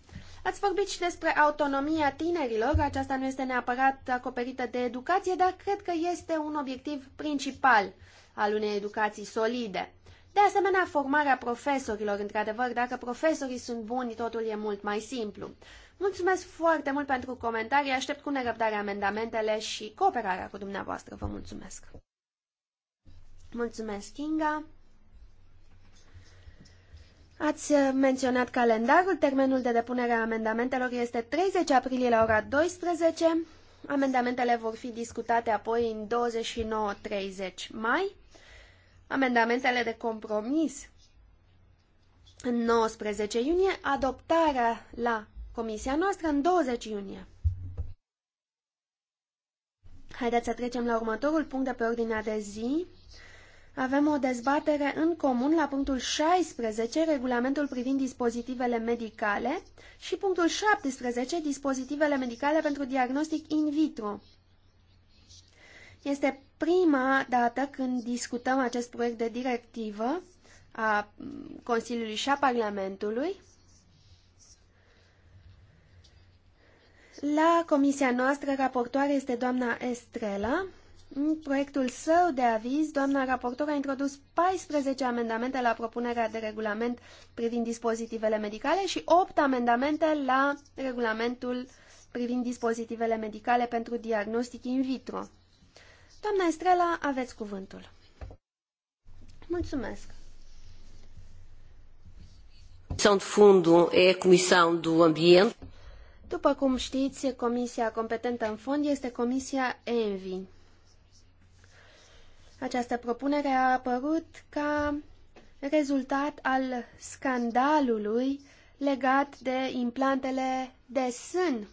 Ați vorbit și despre autonomia tinerilor, aceasta nu este neapărat acoperită de educație, dar cred că este un obiectiv principal al unei educații solide. De asemenea, formarea profesorilor, într-adevăr, dacă profesorii sunt buni, totul e mult mai simplu. Mulțumesc foarte mult pentru comentarii, aștept cu nerăbdare amendamentele și cooperarea cu dumneavoastră. Vă mulțumesc! Mulțumesc, Kinga! Ați menționat calendarul. Termenul de depunere a amendamentelor este 30 aprilie la ora 12. Amendamentele vor fi discutate apoi în 29-30 mai. Amendamentele de compromis în 19 iunie, adoptarea la comisia noastră în 20 iunie. Haideți să trecem la următorul punct de pe ordinea de zi. Avem o dezbatere în comun la punctul 16, regulamentul privind dispozitivele medicale, și punctul 17, dispozitivele medicale pentru diagnostic in vitro. Este prima dată când discutăm acest proiect de directivă a Consiliului și a Parlamentului. La comisia noastră, raportoare este doamna Estrela. În proiectul său de aviz, doamna raportor a introdus 14 amendamente la propunerea de regulament privind dispozitivele medicale și 8 amendamente la regulamentul privind dispozitivele medicale pentru diagnostic in vitro. Doamna Estrela, aveți cuvântul. Mulțumesc. Comissão de fundo e Comisia do Ambiente. După cum știți, comisia competentă în fond este comisia ENVI. Această propunere a apărut ca rezultat al scandalului legat de implantele de sân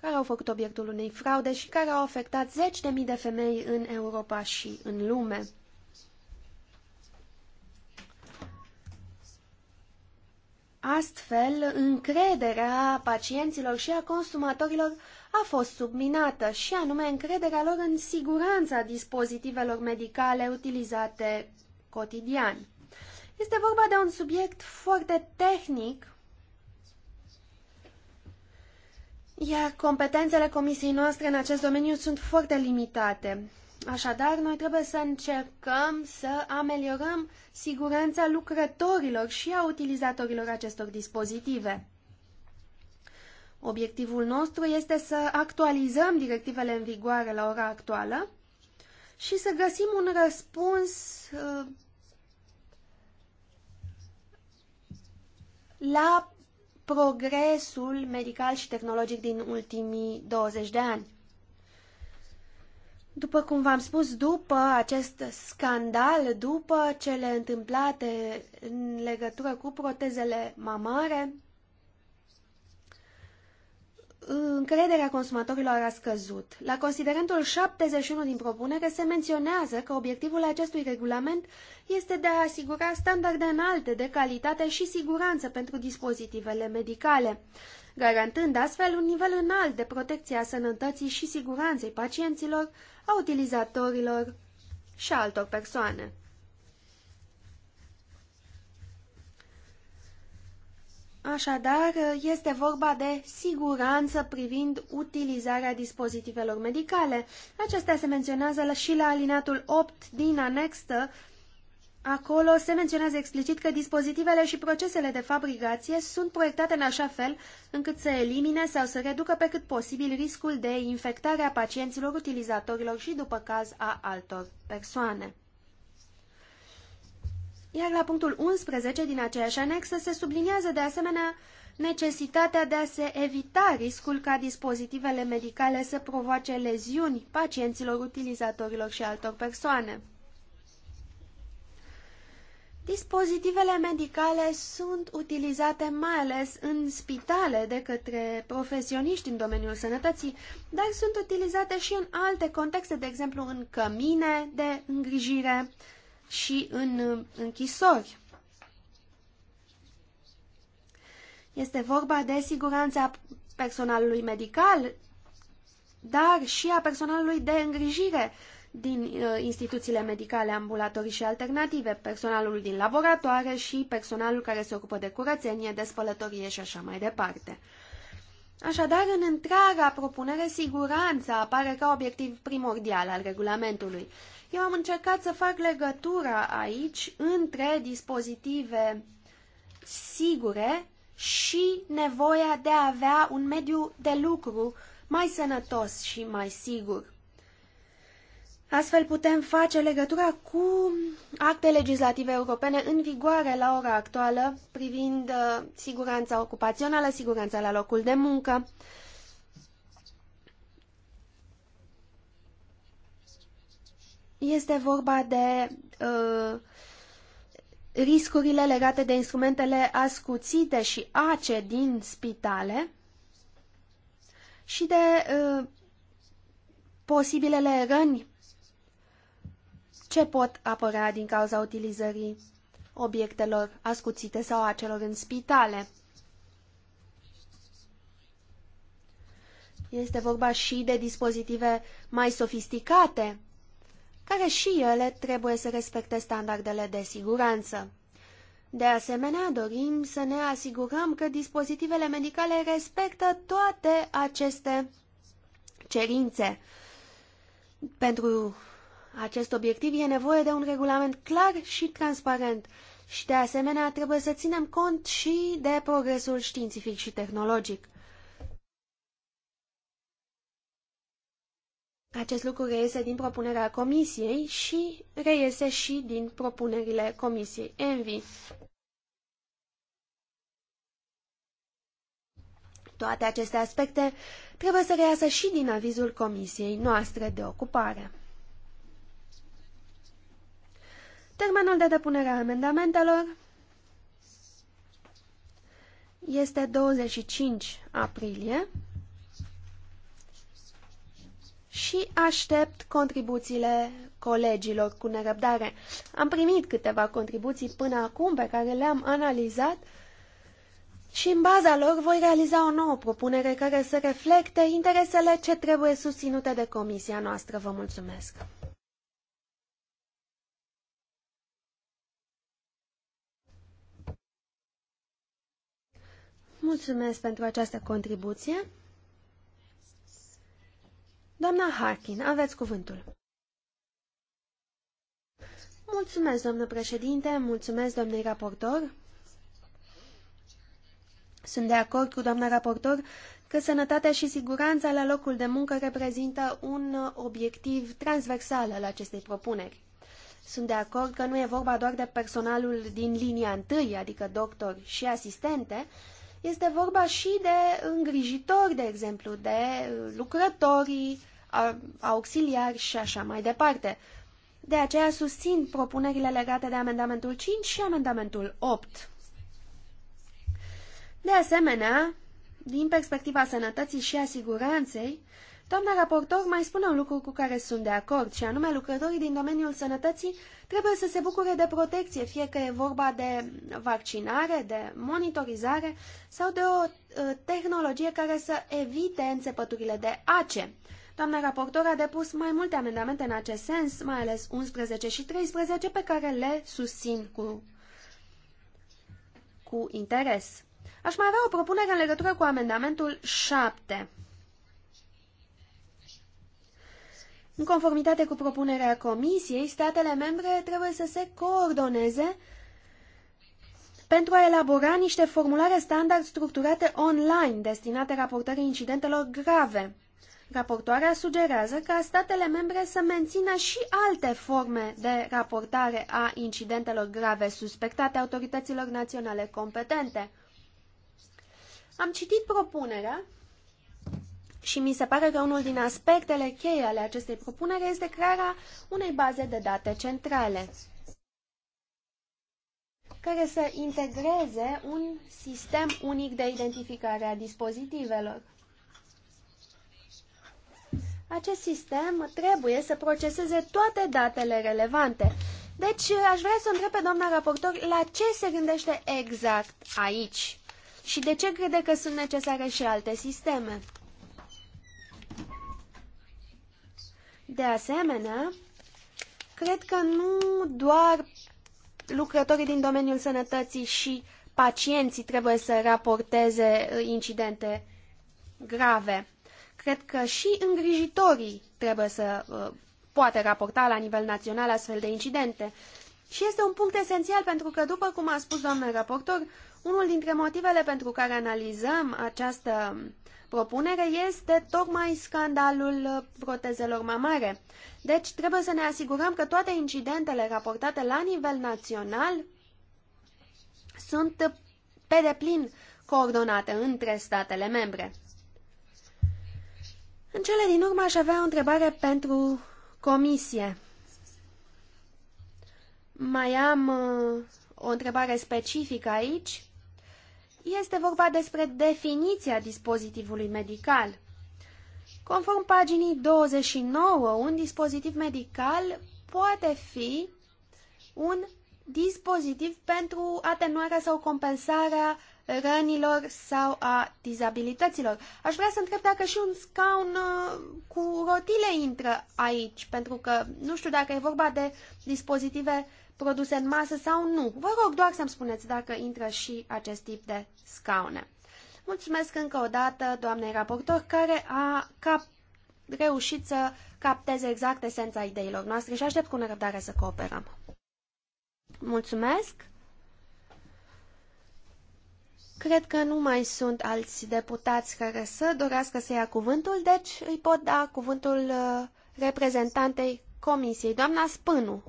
care au făcut obiectul unei fraude și care au afectat zeci de mii de femei în Europa și în lume. Astfel, încrederea pacienților și a consumatorilor a fost subminată, și anume încrederea lor în siguranța dispozitivelor medicale utilizate cotidian. Este vorba de un subiect foarte tehnic, iar competențele comisiei noastre în acest domeniu sunt foarte limitate. Așadar, noi trebuie să încercăm să ameliorăm siguranța lucrătorilor și a utilizatorilor acestor dispozitive. Obiectivul nostru este să actualizăm directivele în vigoare la ora actuală și să găsim un răspuns uh, la progresul medical și tehnologic din ultimii 20 de ani. După cum v-am spus, după acest scandal, după cele întâmplate în legătură cu protezele mamare, încrederea consumatorilor a scăzut. La considerentul 71 din propunere se menționează că obiectivul acestui regulament este de a asigura standarde înalte de calitate și siguranță pentru dispozitivele medicale, garantând astfel un nivel înalt de protecție a sănătății și siguranței pacienților, a utilizatorilor și a altor persoane. Așadar, este vorba de siguranță privind utilizarea dispozitivelor medicale. Acestea se menționează și la alineatul 8 din anexă Acolo se menționează explicit că dispozitivele și procesele de fabricație sunt proiectate în așa fel încât să elimine sau să reducă pe cât posibil riscul de infectare a pacienților, utilizatorilor și, după caz, a altor persoane. Iar la punctul 11 din aceeași anexă se subliniază de asemenea necesitatea de a se evita riscul ca dispozitivele medicale să provoace leziuni pacienților, utilizatorilor și altor persoane. Dispozitivele medicale sunt utilizate mai ales în spitale de către profesioniști în domeniul sănătății, dar sunt utilizate și în alte contexte, de exemplu în cămine de îngrijire și în uh, închisori. Este vorba de siguranța personalului medical, dar și a personalului de îngrijire din uh, instituțiile medicale ambulatorii și alternative, personalul din laboratoare și personalul care se ocupă de curățenie, de spălătorie și așa mai departe. Așadar, în întreaga propunere, siguranța apare ca obiectiv primordial al regulamentului. Eu am încercat să fac legătura aici între dispozitive sigure și nevoia de a avea un mediu de lucru mai sănătos și mai sigur. Astfel putem face legătura cu acte legislative europene în vigoare la ora actuală privind uh, siguranța ocupațională, siguranța la locul de muncă. Este vorba de uh, riscurile legate de instrumentele ascuțite și ace din spitale și de posibilele răni ce pot apărea din cauza utilizării obiectelor ascuțite sau a celor în spitale. Este vorba și de dispozitive mai sofisticate, care și ele trebuie să respecte standardele de siguranță. De asemenea, dorim să ne asigurăm că dispozitivele medicale respectă toate aceste cerințe. Pentru acest obiectiv e nevoie de un regulament clar și transparent și, de asemenea, trebuie să ținem cont și de progresul științific și tehnologic. Acest lucru reiese din propunerea Comisiei și reiese și din propunerile Comisiei Envi. toate aceste aspecte trebuie să reiasă și din avizul Comisiei noastre de ocupare. Termenul de depunere a amendamentelor este 25 aprilie și aștept contribuțiile colegilor cu nerăbdare. Am primit câteva contribuții până acum pe care le-am analizat și în baza lor voi realiza o nouă propunere care să reflecte interesele ce trebuie susținute de comisia noastră. Vă mulțumesc! Mulțumesc pentru această contribuție. Doamna Harkin, aveți cuvântul. Mulțumesc, domnule președinte, mulțumesc, domnului raportor. Sunt de acord cu doamna raportor că sănătatea și siguranța la locul de muncă reprezintă un obiectiv transversal al acestei propuneri. Sunt de acord că nu e vorba doar de personalul din linia întâi, adică doctori și asistente, este vorba și de îngrijitori, de exemplu, de lucrătorii, auxiliari și așa mai departe. De aceea susțin propunerile legate de amendamentul 5 și amendamentul 8. De asemenea, din perspectiva sănătății și a siguranței, doamna raportor mai spune un lucru cu care sunt de acord, și anume lucrătorii din domeniul sănătății trebuie să se bucure de protecție, fie că e vorba de vaccinare, de monitorizare sau de o uh, tehnologie care să evite înțepăturile de ace. Doamna raportor a depus mai multe amendamente în acest sens, mai ales 11 și 13, pe care le susțin cu, cu interes. Aș mai avea o propunere în legătură cu amendamentul 7. În conformitate cu propunerea Comisiei, statele membre trebuie să se coordoneze pentru a elabora niște formulare standard structurate online destinate raportării incidentelor grave. Raportoarea sugerează ca statele membre să mențină și alte forme de raportare a incidentelor grave suspectate autorităților naționale competente. Am citit propunerea și mi se pare că unul din aspectele cheie ale acestei propuneri este crearea unei baze de date centrale care să integreze un sistem unic de identificare a dispozitivelor. Acest sistem trebuie să proceseze toate datele relevante. Deci aș vrea să întreb pe doamna raportor la ce se gândește exact aici. Și de ce crede că sunt necesare și alte sisteme? De asemenea, cred că nu doar lucrătorii din domeniul sănătății și pacienții trebuie să raporteze uh, incidente grave. Cred că și îngrijitorii trebuie să poate uh, poată raporta la nivel național astfel de incidente. Și este un punct esențial pentru că, după cum a spus doamna raportor, unul dintre motivele pentru care analizăm această propunere este tocmai scandalul protezelor mamare. Deci trebuie să ne asigurăm că toate incidentele raportate la nivel național sunt pe deplin coordonate între statele membre. În cele din urmă aș avea o întrebare pentru comisie. Mai am uh, o întrebare specifică aici este vorba despre definiția dispozitivului medical. Conform paginii 29, un dispozitiv medical poate fi un dispozitiv pentru atenuarea sau compensarea rănilor sau a dizabilităților. Aș vrea să întreb dacă și un scaun uh, cu rotile intră aici, pentru că nu știu dacă e vorba de dispozitive produse în masă sau nu. Vă rog doar să-mi spuneți dacă intră și acest tip de scaune. Mulțumesc încă o dată doamnei raportor care a cap reușit să capteze exact esența ideilor noastre și aștept cu nerăbdare să cooperăm. Mulțumesc! Cred că nu mai sunt alți deputați care să dorească să ia cuvântul, deci îi pot da cuvântul uh, reprezentantei Comisiei, doamna Spânu.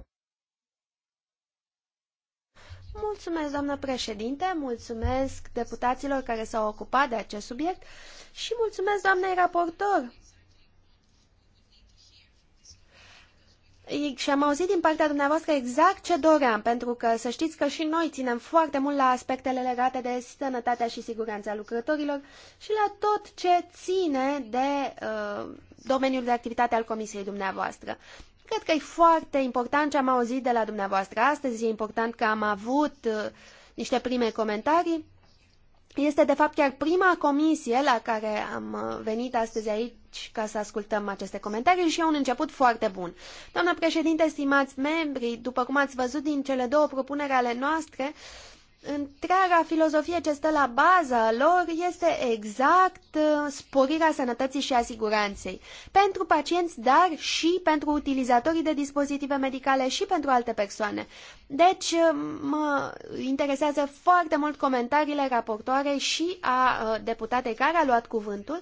Mulțumesc, doamnă președinte, mulțumesc deputaților care s-au ocupat de acest subiect și mulțumesc doamnei raportor. Și am auzit din partea dumneavoastră exact ce doream, pentru că să știți că și noi ținem foarte mult la aspectele legate de sănătatea și siguranța lucrătorilor și la tot ce ține de uh, domeniul de activitate al comisiei dumneavoastră. Cred că e foarte important ce am auzit de la dumneavoastră astăzi, e important că am avut uh, niște prime comentarii. Este, de fapt, chiar prima comisie la care am uh, venit astăzi aici ca să ascultăm aceste comentarii și e un început foarte bun. Doamna președinte, stimați membri, după cum ați văzut din cele două propuneri ale noastre, uh, Întreaga filozofie ce stă la baza lor este exact uh, sporirea sănătății și asiguranței pentru pacienți, dar și pentru utilizatorii de dispozitive medicale și pentru alte persoane. Deci uh, mă interesează foarte mult comentariile raportoare și a uh, deputatei care a luat cuvântul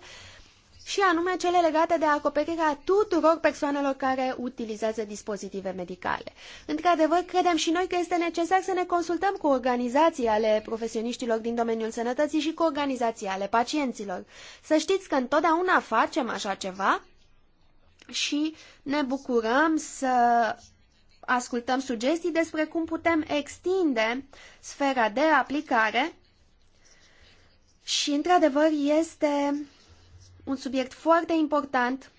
și anume cele legate de acoperirea tuturor persoanelor care utilizează dispozitive medicale. Într-adevăr, credem și noi că este necesar să ne consultăm cu organizații ale profesioniștilor din domeniul sănătății și cu organizații ale pacienților. Să știți că întotdeauna facem așa ceva și ne bucurăm să ascultăm sugestii despre cum putem extinde sfera de aplicare și, într-adevăr, este un subiect foarte important.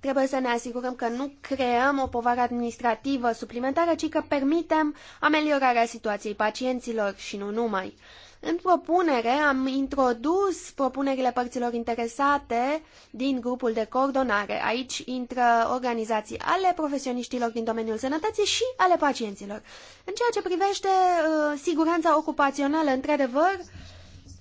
Trebuie să ne asigurăm că nu creăm o povară administrativă suplimentară, ci că permitem ameliorarea situației pacienților și nu numai. În propunere am introdus propunerile părților interesate din grupul de coordonare. Aici intră organizații ale profesioniștilor din domeniul sănătății și ale pacienților. În ceea ce privește uh, siguranța ocupațională, într-adevăr, uh,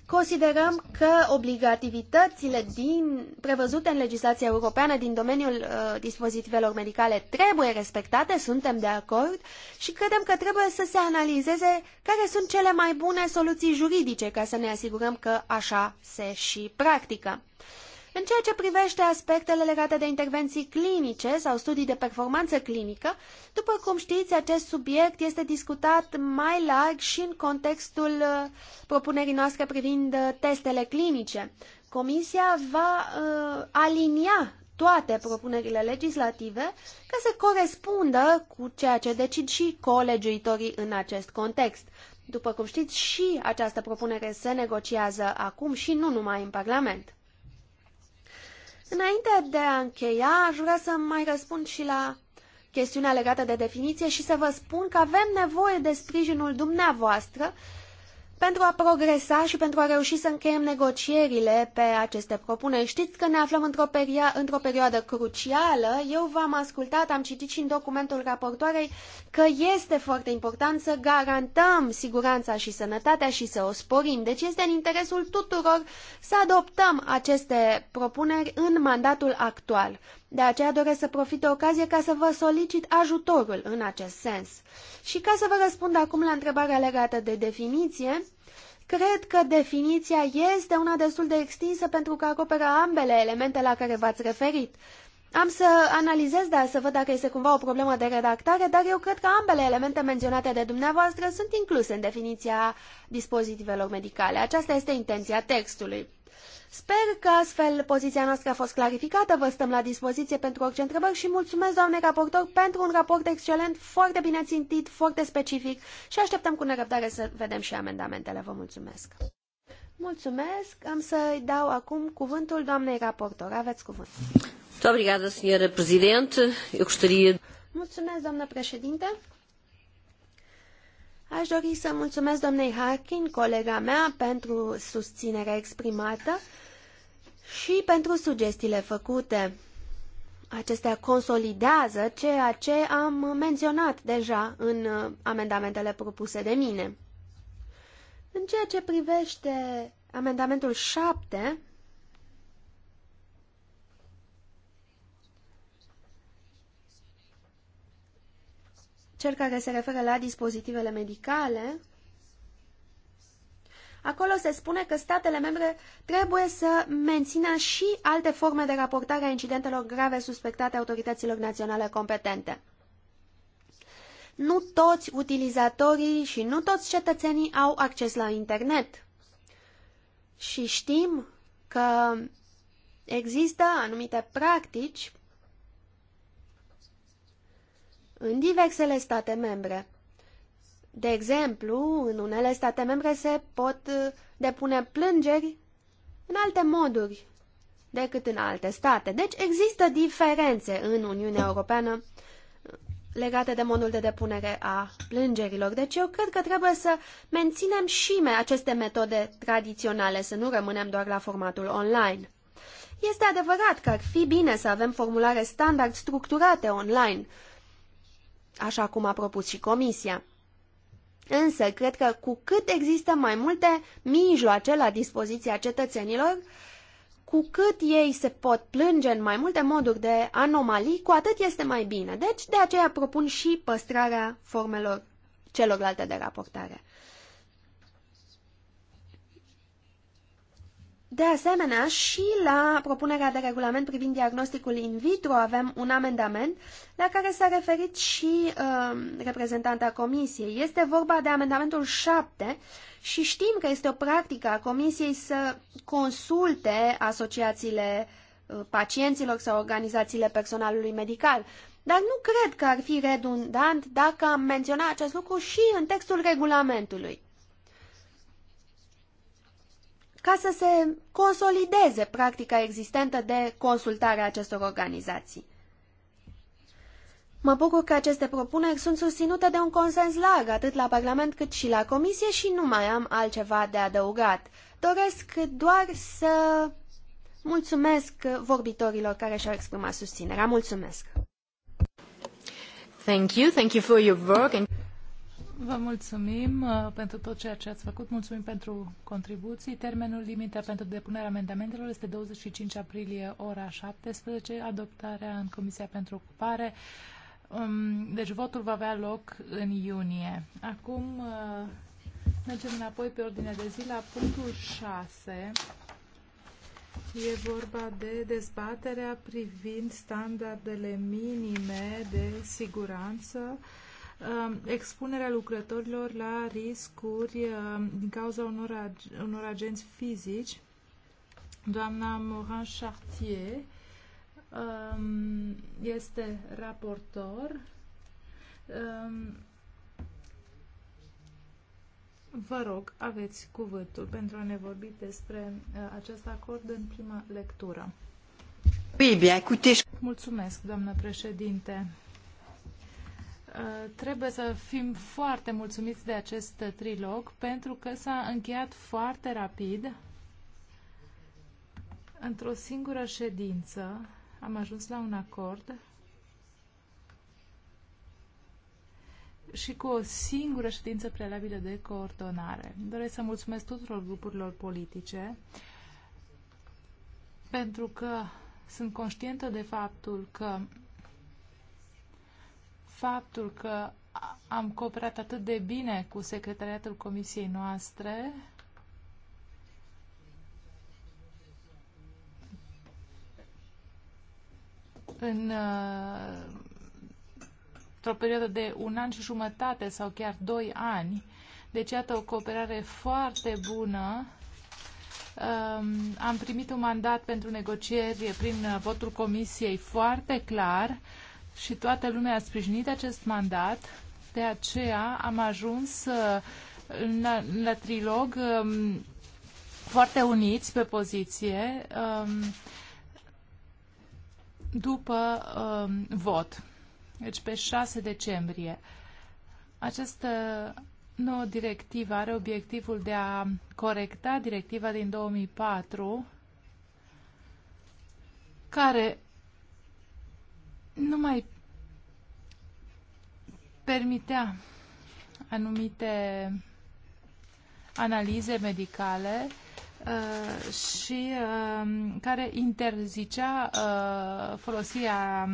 Considerăm că obligativitățile din, prevăzute în legislația europeană din domeniul uh, dispozitivelor medicale trebuie respectate, suntem de acord și credem că trebuie să se analizeze care sunt cele mai bune soluții juridice ca să ne asigurăm că așa se și practică. În ceea ce privește aspectele legate de intervenții clinice sau studii de performanță clinică, după cum știți, acest subiect este discutat mai larg și în contextul uh, propunerii noastre privind uh, testele clinice. Comisia va uh, alinia toate propunerile legislative ca să corespundă cu ceea ce decid și colegiuitorii în acest context. După cum știți, și această propunere se negociază acum și nu numai în Parlament. Înainte de a încheia, aș vrea să mai răspund și la chestiunea legată de definiție și să vă spun că avem nevoie de sprijinul dumneavoastră pentru a progresa și pentru a reuși să încheiem negocierile pe aceste propuneri. Știți că ne aflăm într-o, într perioadă crucială. Eu v-am ascultat, am citit și în documentul raportoarei că este foarte important să garantăm siguranța și sănătatea și să o sporim. Deci este în interesul tuturor să adoptăm aceste propuneri în mandatul actual. De aceea doresc să profit de ocazie ca să vă solicit ajutorul în acest sens. Și ca să vă răspund acum la întrebarea legată de definiție, cred că definiția este una destul de extinsă pentru că acoperă ambele elemente la care v-ați referit. Am să analizez, dar să văd dacă este cumva o problemă de redactare, dar eu cred că ambele elemente menționate de dumneavoastră sunt incluse în definiția dispozitivelor medicale. Aceasta este intenția textului. Sper că astfel poziția noastră a fost clarificată, vă stăm la dispoziție pentru orice întrebări și mulțumesc, doamne raportor, pentru un raport excelent, foarte bine țintit, foarte specific și așteptăm cu nerăbdare să vedem și amendamentele. Vă mulțumesc! Mulțumesc! Am să-i dau acum cuvântul doamnei raportor. Aveți cuvânt. Mulțumesc, doamnă președinte. Aș dori să mulțumesc doamnei Harkin, colega mea, pentru susținerea exprimată și pentru sugestiile făcute. Acestea consolidează ceea ce am menționat deja în uh, amendamentele propuse de mine. În ceea ce privește amendamentul 7, cel care se referă la dispozitivele medicale, acolo se spune că statele membre trebuie să mențină și alte forme de raportare a incidentelor grave suspectate autorităților naționale competente. Nu toți utilizatorii și nu toți cetățenii au acces la internet. Și știm că există anumite practici în diversele state membre. De exemplu, în unele state membre se pot uh, depune plângeri în alte moduri decât în alte state. Deci există diferențe în Uniunea Europeană uh, legate de modul de depunere a plângerilor. Deci eu cred că trebuie să menținem și aceste metode tradiționale, să nu rămânem doar la formatul online. Este adevărat că ar fi bine să avem formulare standard structurate online, așa cum a propus și Comisia. Însă, cred că cu cât există mai multe mijloace la dispoziția cetățenilor, cu cât ei se pot plânge în mai multe moduri de anomalii, cu atât este mai bine. Deci, de aceea propun și păstrarea formelor celorlalte de raportare. De asemenea, și la propunerea de regulament privind diagnosticul in vitro avem un amendament la care s-a referit și uh, reprezentanta Comisiei. Este vorba de amendamentul 7 și știm că este o practică a Comisiei să consulte asociațiile uh, pacienților sau organizațiile personalului medical. Dar nu cred că ar fi redundant dacă am menționat acest lucru și în textul regulamentului ca să se consolideze practica existentă de consultare a acestor organizații. Mă bucur că aceste propuneri sunt susținute de un consens larg, atât la Parlament cât și la Comisie și nu mai am altceva de adăugat. Doresc doar să mulțumesc vorbitorilor care și-au exprimat susținerea. Mulțumesc! Thank you. Thank you for your work and Vă mulțumim uh, pentru tot ceea ce ați făcut, mulțumim pentru contribuții. Termenul limită pentru depunerea amendamentelor este 25 aprilie, ora 17, adoptarea în Comisia pentru Ocupare. Um, deci votul va avea loc în iunie. Acum uh, mergem înapoi pe ordinea de zi la punctul 6. E vorba de dezbaterea privind standardele minime de siguranță uh, Um, expunerea lucrătorilor la riscuri um, din cauza unor, ag- unor agenți fizici. Doamna Morin Chartier um, este raportor. Vă rog, aveți cuvântul pentru a ne vorbi despre uh, acest acord în prima lectură. Mulțumesc, doamnă președinte. Uh, trebuie să fim foarte mulțumiți de acest trilog pentru că s-a încheiat foarte rapid într-o singură ședință am ajuns la un acord și cu o singură ședință prealabilă de coordonare. Doresc să mulțumesc tuturor grupurilor politice pentru că sunt conștientă de faptul că faptul că am cooperat atât de bine cu secretariatul comisiei noastre. În uh, o perioadă de un an și jumătate sau chiar doi ani. Deci, iată, o cooperare foarte bună. Um, am primit un mandat pentru negocieri prin votul comisiei foarte clar și toată lumea a sprijinit acest mandat, de aceea am ajuns la, uh, la trilog um, foarte uniți pe poziție um, după um, vot, deci pe 6 decembrie. Această nouă directivă are obiectivul de a corecta directiva din 2004 care nu mai permitea anumite analize medicale uh, și uh, care interzicea uh, folosirea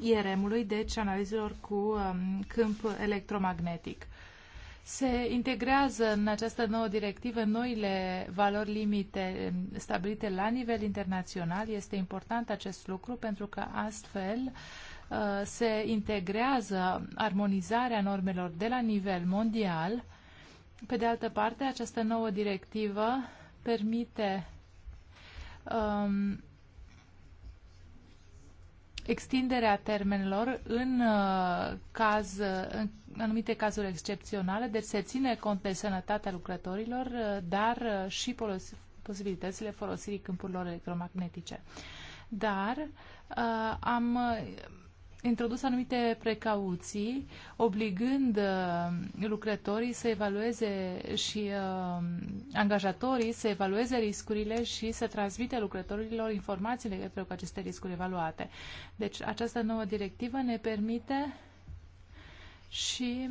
IRM-ului, deci analizelor cu um, câmp electromagnetic se integrează în această nouă directivă noile valori limite stabilite la nivel internațional. Este important acest lucru pentru că astfel uh, se integrează armonizarea normelor de la nivel mondial. Pe de altă parte, această nouă directivă permite um, extinderea termenelor în, uh, caz, în anumite cazuri excepționale, deci se ține cont de sănătatea lucrătorilor, uh, dar uh, și posibilitățile folosirii câmpurilor electromagnetice. Dar am introdus anumite precauții, obligând uh, lucrătorii să evalueze și uh, angajatorii să evalueze riscurile și să transmite lucrătorilor informații legate cu aceste riscuri evaluate. Deci această nouă directivă ne permite și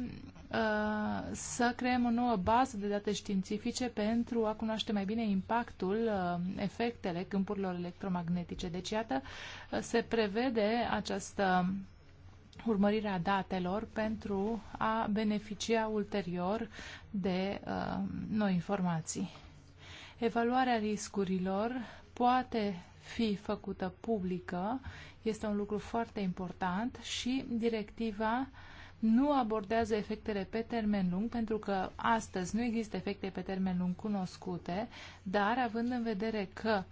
uh, să creăm o nouă bază de date științifice pentru a cunoaște mai bine impactul, uh, efectele câmpurilor electromagnetice. Deci, iată, uh, se prevede această urmărire a datelor pentru a beneficia ulterior de uh, noi informații. Evaluarea riscurilor poate fi făcută publică, este un lucru foarte important și directiva uh, nu abordează efectele pe termen lung, pentru că astăzi nu există efecte pe termen lung cunoscute, dar având în vedere că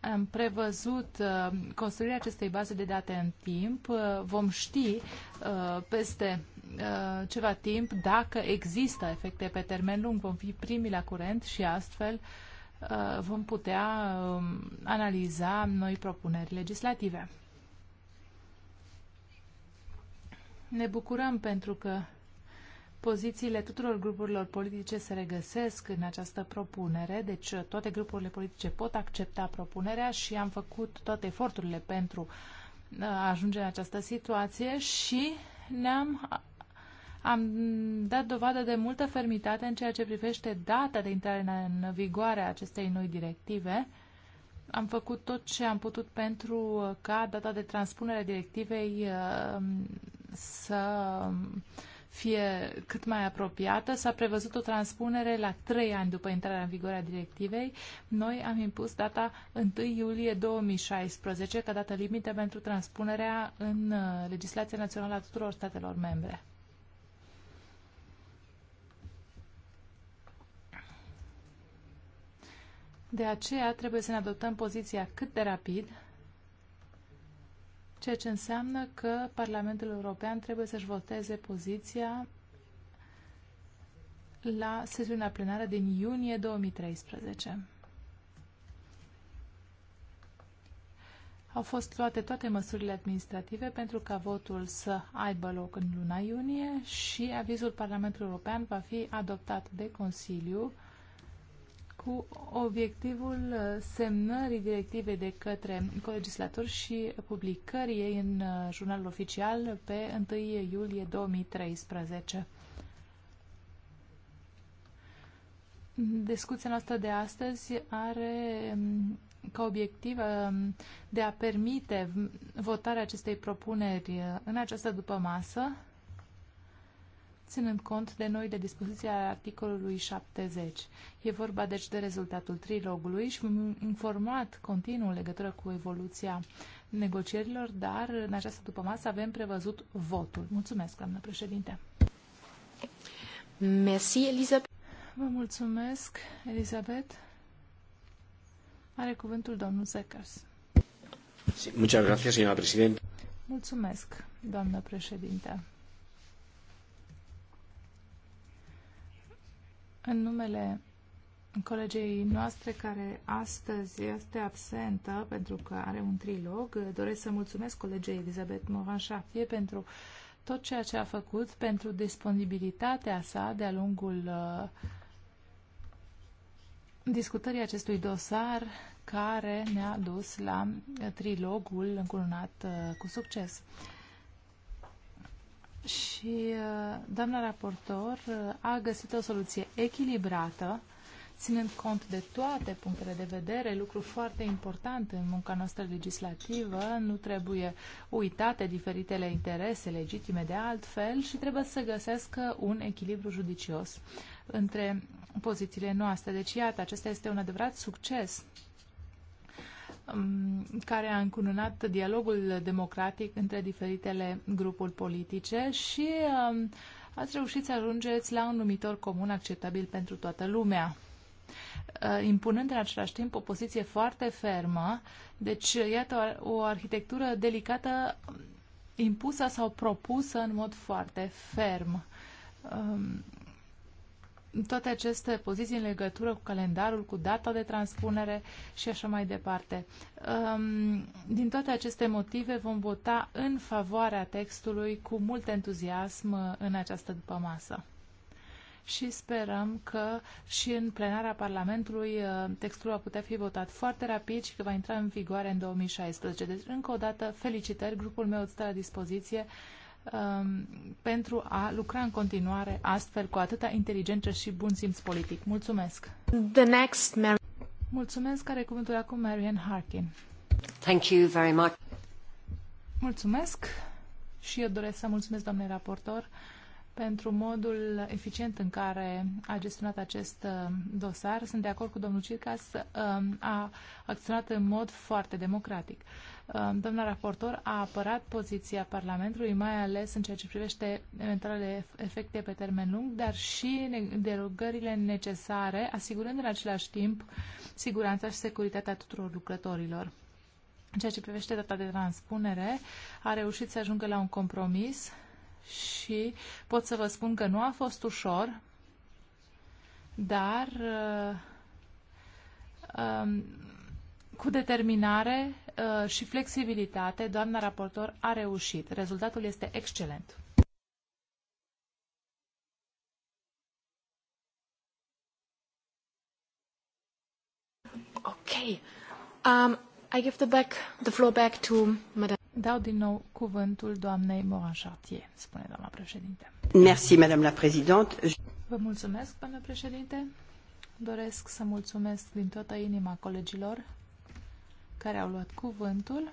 am prevăzut uh, construirea acestei baze de date în timp. Uh, vom ști uh, peste ceva timp dacă există efecte pe termen lung. Vom fi primii la curent și astfel vom putea um, analiza noi propuneri legislative. Ne bucurăm pentru că pozițiile tuturor grupurilor politice se regăsesc în această propunere, deci toate grupurile politice pot accepta propunerea și am făcut toate eforturile pentru uh, a ajunge în această situație și ne-am am dat dovadă de multă fermitate în ceea ce privește data de intrare în vigoare a acestei noi directive. Am făcut tot ce am putut pentru ca data de transpunere a directivei uh, să fie cât mai apropiată. S-a prevăzut o transpunere la trei ani după intrarea în vigoare a directivei. Noi am impus data 1 iulie 2016 ca dată limită pentru transpunerea în uh, legislația națională a tuturor statelor membre. De aceea trebuie să ne adoptăm poziția cât de rapid ceea ce înseamnă că Parlamentul European trebuie să-și voteze poziția la sesiunea plenară din iunie 2013. Au fost luate toate măsurile administrative pentru ca votul să aibă loc în luna iunie și avizul Parlamentului European va fi adoptat de Consiliu cu obiectivul uh, semnării directivei de către colegislator și publicării ei în uh, jurnalul oficial pe 1 iulie 2013. Discuția noastră de astăzi are um, ca obiectiv um, de a permite votarea acestei propuneri uh, în această dupămasă, ținând cont de noile dispoziții ale articolului 70. E vorba deci de rezultatul trilogului și m-am informat continuu în legătură cu evoluția negocierilor, dar în această masă avem prevăzut votul. Mulțumesc, doamnă președinte. Merci, Elisabeth. Vă mulțumesc, Elisabeth. Are cuvântul domnul Zekers. muchas gracias, señora Mulțumesc, doamnă președinte. În numele colegei noastre care astăzi este absentă pentru că are un trilog, doresc să mulțumesc colegei Elizabeth Moran Șafie pentru tot ceea ce a făcut, pentru disponibilitatea sa de-a lungul uh, discutării acestui dosar care ne-a dus la trilogul încununat uh, cu succes și uh, doamna raportor uh, a găsit o soluție echilibrată, ținând cont de toate punctele de vedere, lucru foarte important în munca noastră legislativă, nu trebuie uitate diferitele interese legitime de altfel și trebuie să găsească un echilibru judicios între pozițiile noastre. Deci, iată, acesta este un adevărat succes Um, care a încununat dialogul democratic între diferitele grupuri politice și um, ați reușit să ajungeți la un numitor comun acceptabil pentru toată lumea uh, impunând în același timp o poziție foarte fermă. Deci, iată, o arhitectură delicată impusă sau propusă în mod foarte ferm. Um, toate aceste poziții în legătură cu calendarul, cu data de transpunere și așa mai departe. Um, din toate aceste motive vom vota în favoarea textului cu mult entuziasm în această dupămasă. Și sperăm că și în plenarea Parlamentului uh, textul va putea fi votat foarte rapid și că va intra în vigoare în 2016. Deci, încă o dată, felicitări, grupul meu îți stă la dispoziție um, pentru a lucra în continuare astfel cu atâta inteligență și bun simț politic. Mulțumesc! The next Mar- Mulțumesc, care cuvântul acum Marian Harkin. Thank you very much. Mulțumesc și eu doresc să mulțumesc doamnei raportor pentru modul eficient în care a gestionat acest uh, dosar. Sunt de acord cu domnul Circas, uh, a acționat în mod foarte democratic. Um, doamna raportor a apărat poziția Parlamentului, mai ales în ceea ce privește eventualele efecte pe termen lung, dar și derogările necesare, asigurând în același timp siguranța și securitatea tuturor lucrătorilor. În ceea ce privește data de transpunere, a reușit să ajungă la un compromis și pot să vă spun că nu a fost ușor, dar uh, um, cu determinare uh, și flexibilitate, doamna raportor a reușit. Rezultatul este excelent. Ok. Um, I give the, back, the floor back to Madame. Dau din nou cuvântul doamnei Moran Chartier, spune doamna președinte. Merci, Madame la Présidente. Vă mulțumesc, doamna președinte. Doresc să mulțumesc din toată inima colegilor care au luat cuvântul.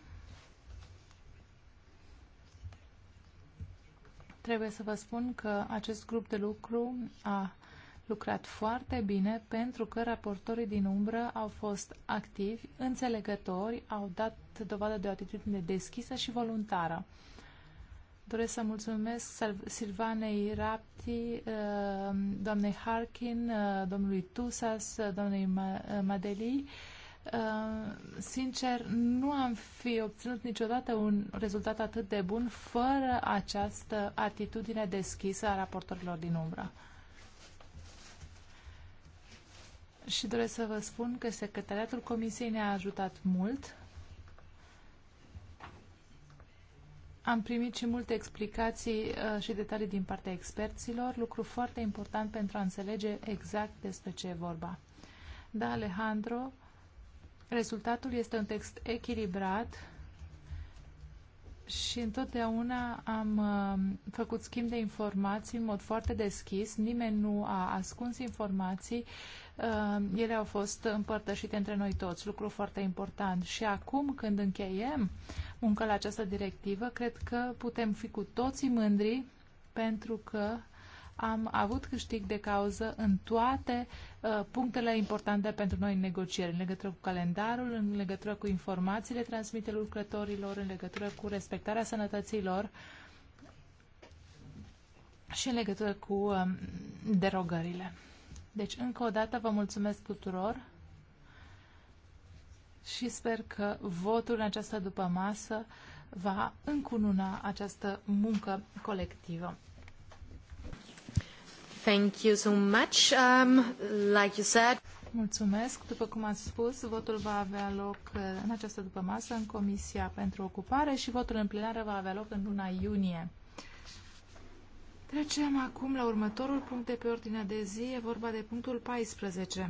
Trebuie să vă spun că acest grup de lucru a lucrat foarte bine pentru că raportorii din umbră au fost activi, înțelegători, au dat dovadă de o atitudine deschisă și voluntară. Doresc să mulțumesc Silvanei Rapti, uh, doamnei Harkin, uh, domnului Tusas, uh, doamnei Madeli Ehm, sincer, nu am fi obținut niciodată un rezultat atât de bun fără această atitudine deschisă a raportorilor din umbră. Și doresc să vă spun că secretariatul Comisiei ne-a ajutat mult. Am primit și multe explicații uh, și detalii din partea experților, lucru foarte important pentru a înțelege exact despre ce e vorba. Da, Alejandro, Rezultatul este un text echilibrat și întotdeauna am uh, făcut schimb de informații în mod foarte deschis. Nimeni nu a ascuns informații. Uh, ele au fost împărtășite între noi toți, lucru foarte important. Și acum, când încheiem munca la această directivă, cred că putem fi cu toții mândri pentru că am avut câștig de cauză în toate uh, punctele importante pentru noi în negocieri, în legătură cu calendarul, în legătură cu informațiile transmite lucrătorilor, în legătură cu respectarea sănătății lor și în legătură cu um, derogările. Deci, încă o dată, vă mulțumesc tuturor și sper că votul în această după masă va încununa această muncă colectivă. Thank you so much. Um, like you said... Mulțumesc. După cum ați spus, votul va avea loc uh, în această după în Comisia pentru Ocupare și votul în plenară va avea loc în luna iunie. Trecem acum la următorul punct de pe ordinea de zi. E vorba de punctul 14.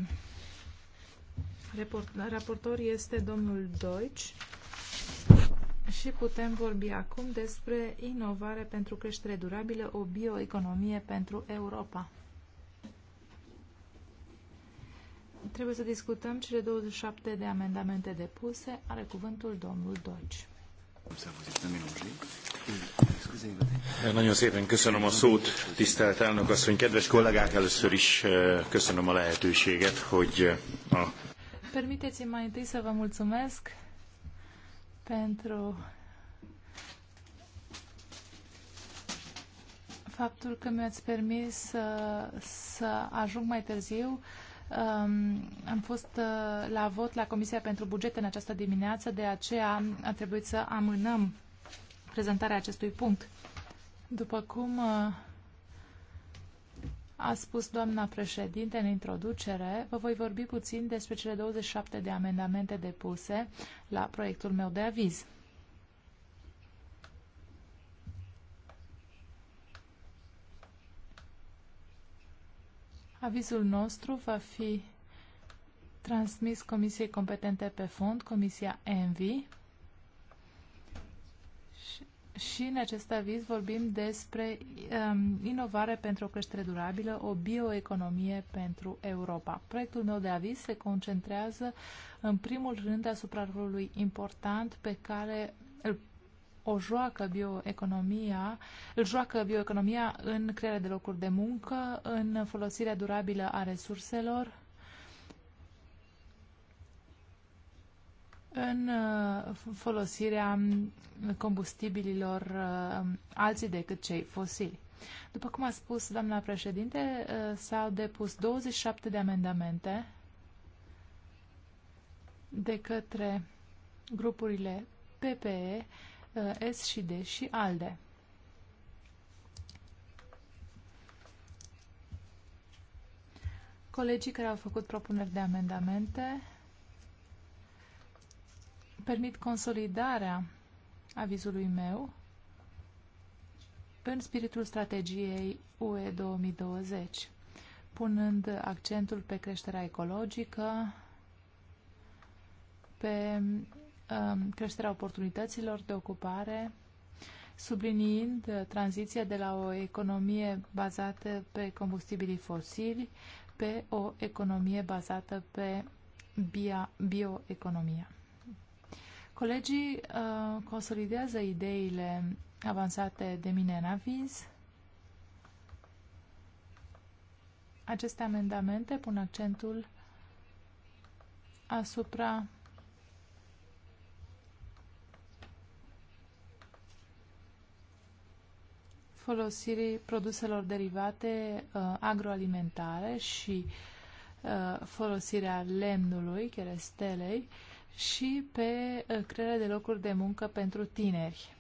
raportor este domnul Deutsch. Și putem vorbi acum despre inovare pentru creștere durabilă, o bioeconomie pentru Europa. Trebuie să discutăm cele 27 de amendamente depuse. Are cuvântul domnul Doci. Nagyon szépen köszönöm a szót, tisztelt elnök asszony, kedves kollégák, először is eh, köszönöm a lehetőséget, hogy eh, a... Permiteți-mi mai întâi să vă mulțumesc pentru faptul că mi-ați permis să, să ajung mai târziu. Um, am fost uh, la vot la Comisia pentru Bugete în această dimineață, de aceea a trebuit să amânăm prezentarea acestui punct. După cum uh, a spus doamna președinte în introducere, vă voi vorbi puțin despre cele 27 de amendamente depuse la proiectul meu de aviz. Avizul nostru va fi transmis Comisiei competente pe fond, Comisia ENVI, și în acest aviz vorbim despre um, inovare pentru o creștere durabilă, o bioeconomie pentru Europa. Proiectul meu de aviz se concentrează în primul rând asupra rolului important pe care îl o joacă bioeconomia, îl joacă bioeconomia în crearea de locuri de muncă, în folosirea durabilă a resurselor, în uh, folosirea combustibililor uh, alții decât cei fosili. După cum a spus doamna președinte, uh, s-au depus 27 de amendamente de către grupurile PPE, S și D și ALDE. Colegii care au făcut propuneri de amendamente permit consolidarea avizului meu în spiritul strategiei UE 2020, punând accentul pe creșterea ecologică, pe um, creșterea oportunităților de ocupare, subliniind tranziția de la o economie bazată pe combustibilii fosili pe o economie bazată pe bioeconomia. Colegii uh, consolidează ideile avansate de mine în aviz. Aceste amendamente pun accentul asupra folosirii produselor derivate uh, agroalimentare și uh, folosirea lemnului, cherestelei, uh, și pe uh, crearea de locuri de muncă pentru tineri.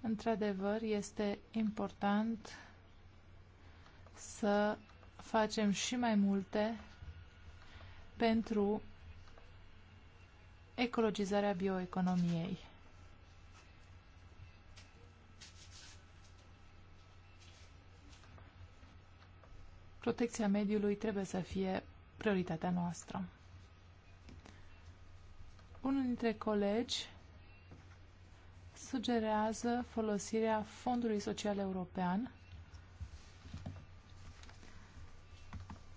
Într-adevăr, este important să facem și mai multe pentru ecologizarea bioeconomiei. Protecția mediului trebuie să fie prioritatea noastră. Unul dintre colegi sugerează folosirea Fondului Social European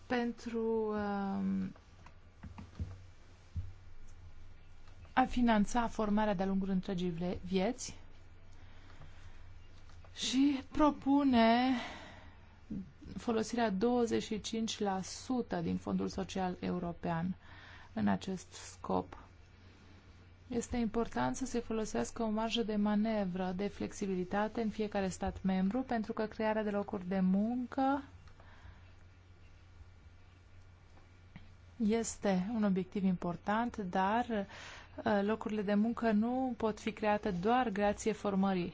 pentru um, a finanța formarea de-a lungul întregii vieți și propune folosirea 25% din Fondul Social European în acest scop. Este important să se folosească o marjă de manevră, de flexibilitate în fiecare stat membru, pentru că crearea de locuri de muncă este un obiectiv important, dar uh, locurile de muncă nu pot fi create doar grație formării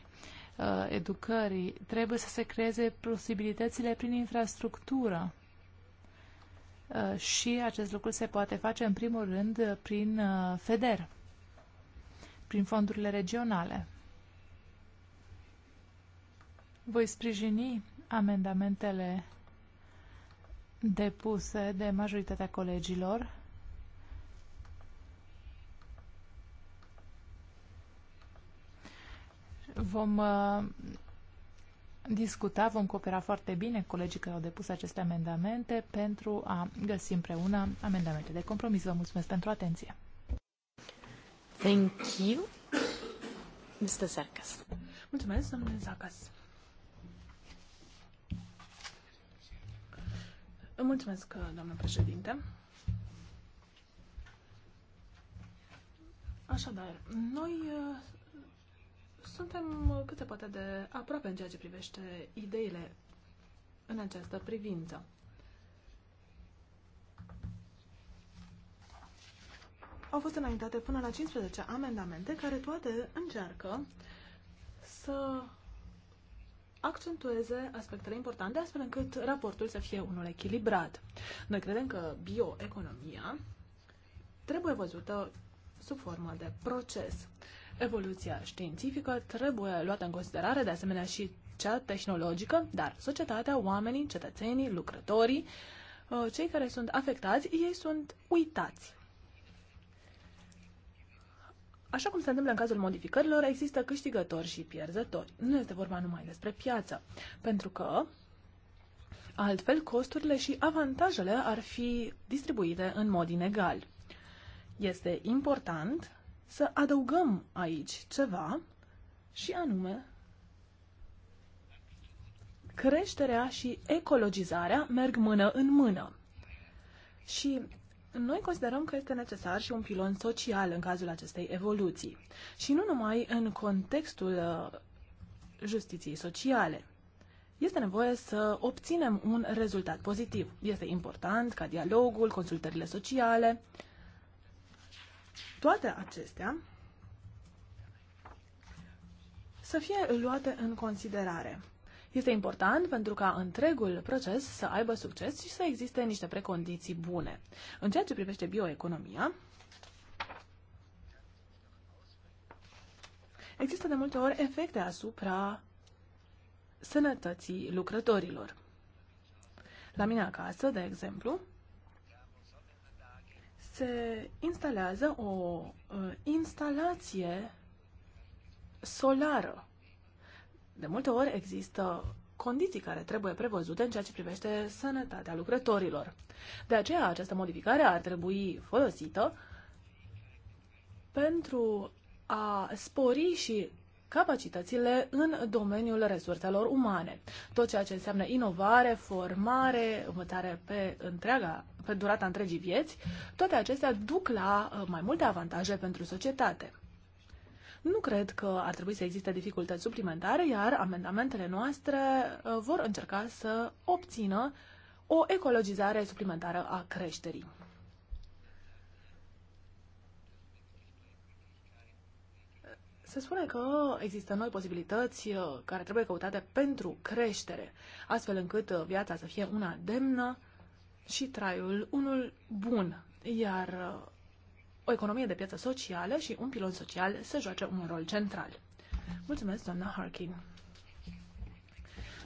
uh, educării. Trebuie să se creeze posibilitățile prin infrastructură. Uh, și acest lucru se poate face în primul rând prin FEDER prin fondurile regionale. Voi sprijini amendamentele depuse de majoritatea colegilor vom uh, discuta, vom coopera foarte bine colegii care au depus aceste amendamente pentru a găsi împreună amendamente de compromis. Vă mulțumesc pentru atenție. Thank you. Mr. domnule doamnă președinte. Așadar, noi uh, suntem cât se poate de aproape în ceea ce privește ideile în această privință. Au fost înaintate până la 15 amendamente care toate încearcă să accentueze aspectele importante, astfel încât raportul să fie unul echilibrat. Noi credem că bioeconomia trebuie văzută sub formă de proces. Evoluția științifică trebuie luată în considerare, de asemenea și cea tehnologică, dar societatea, oamenii, cetățenii, lucrătorii, uh, cei care sunt afectați, ei sunt uitați. Așa cum se întâmplă în cazul modificărilor, există câștigători și pierzători. Nu este vorba numai despre piață, pentru că altfel costurile și avantajele ar fi distribuite în mod inegal. Este important să adăugăm aici ceva și anume creșterea și ecologizarea merg mână în mână. Și noi considerăm că este necesar și un pilon social în cazul acestei evoluții și nu numai în contextul uh, justiției sociale. Este nevoie să obținem un rezultat pozitiv. Este important ca dialogul, consultările sociale, toate acestea să fie luate în considerare. Este important pentru ca întregul proces să aibă succes și să existe niște precondiții bune. În ceea ce privește bioeconomia, există de multe ori efecte asupra sănătății lucrătorilor. La mine acasă, de exemplu, se instalează o uh, instalație solară de multe ori există condiții care trebuie prevăzute în ceea ce privește sănătatea lucrătorilor. De aceea, această modificare ar trebui folosită pentru a spori și capacitățile în domeniul resurselor umane. Tot ceea ce înseamnă inovare, formare, învățare pe, întreaga, pe durata întregii vieți, toate acestea duc la uh, mai multe avantaje pentru societate. Nu cred că ar trebui să existe dificultăți suplimentare, iar amendamentele noastre uh, vor încerca să obțină o ecologizare suplimentară a creșterii. Se spune că există noi posibilități uh, care trebuie căutate pentru creștere, astfel încât uh, viața să fie una demnă și traiul unul bun. Iar o economie de piață socială și un pilon social să joace un rol central. Mulțumesc, doamna Harkin.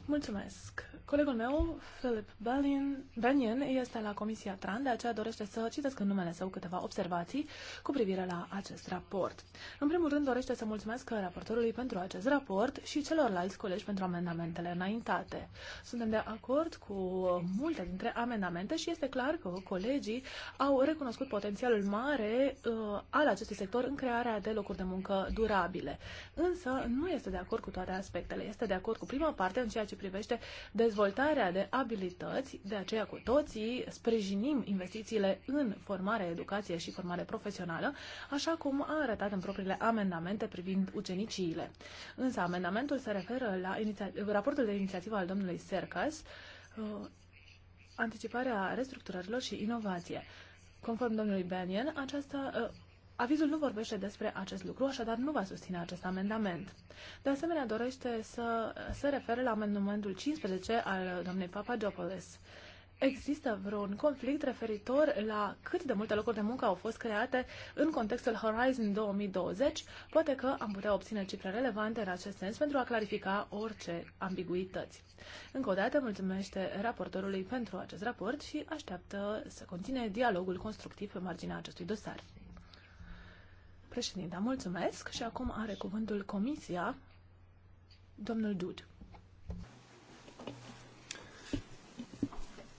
Mulțumesc. Colegul meu, Philip Belin, Benien, este la Comisia Tran, de aceea dorește să citesc în numele său câteva observații cu privire la acest raport. În primul rând, dorește să mulțumesc raportorului pentru acest raport și celorlalți colegi pentru amendamentele înaintate. Suntem de acord cu multe dintre amendamente și este clar că colegii au recunoscut potențialul mare uh, al acestui sector în crearea de locuri de muncă durabile. Însă, nu este de acord cu toate aspectele. Este de acord cu prima parte în ceea ce privește dezvoltarea dezvoltarea de abilități, de aceea cu toții sprijinim investițiile în formare, educație și formare profesională, așa cum a arătat în propriile amendamente privind uceniciile. Însă amendamentul se referă la raportul de inițiativă al domnului Sercas, uh, anticiparea restructurărilor și inovație. Conform domnului Banyan, aceasta uh, Avizul nu vorbește despre acest lucru, așadar nu va susține acest amendament. De asemenea, dorește să se refere la amendamentul 15 al doamnei Papadopoulos. Există vreun conflict referitor la cât de multe locuri de muncă au fost create în contextul Horizon 2020? Poate că am putea obține cifre relevante în acest sens pentru a clarifica orice ambiguități. Încă o dată mulțumește raportorului pentru acest raport și așteaptă să continue dialogul constructiv pe marginea acestui dosar. Președinte, mulțumesc și acum are cuvântul Comisia, domnul Dud.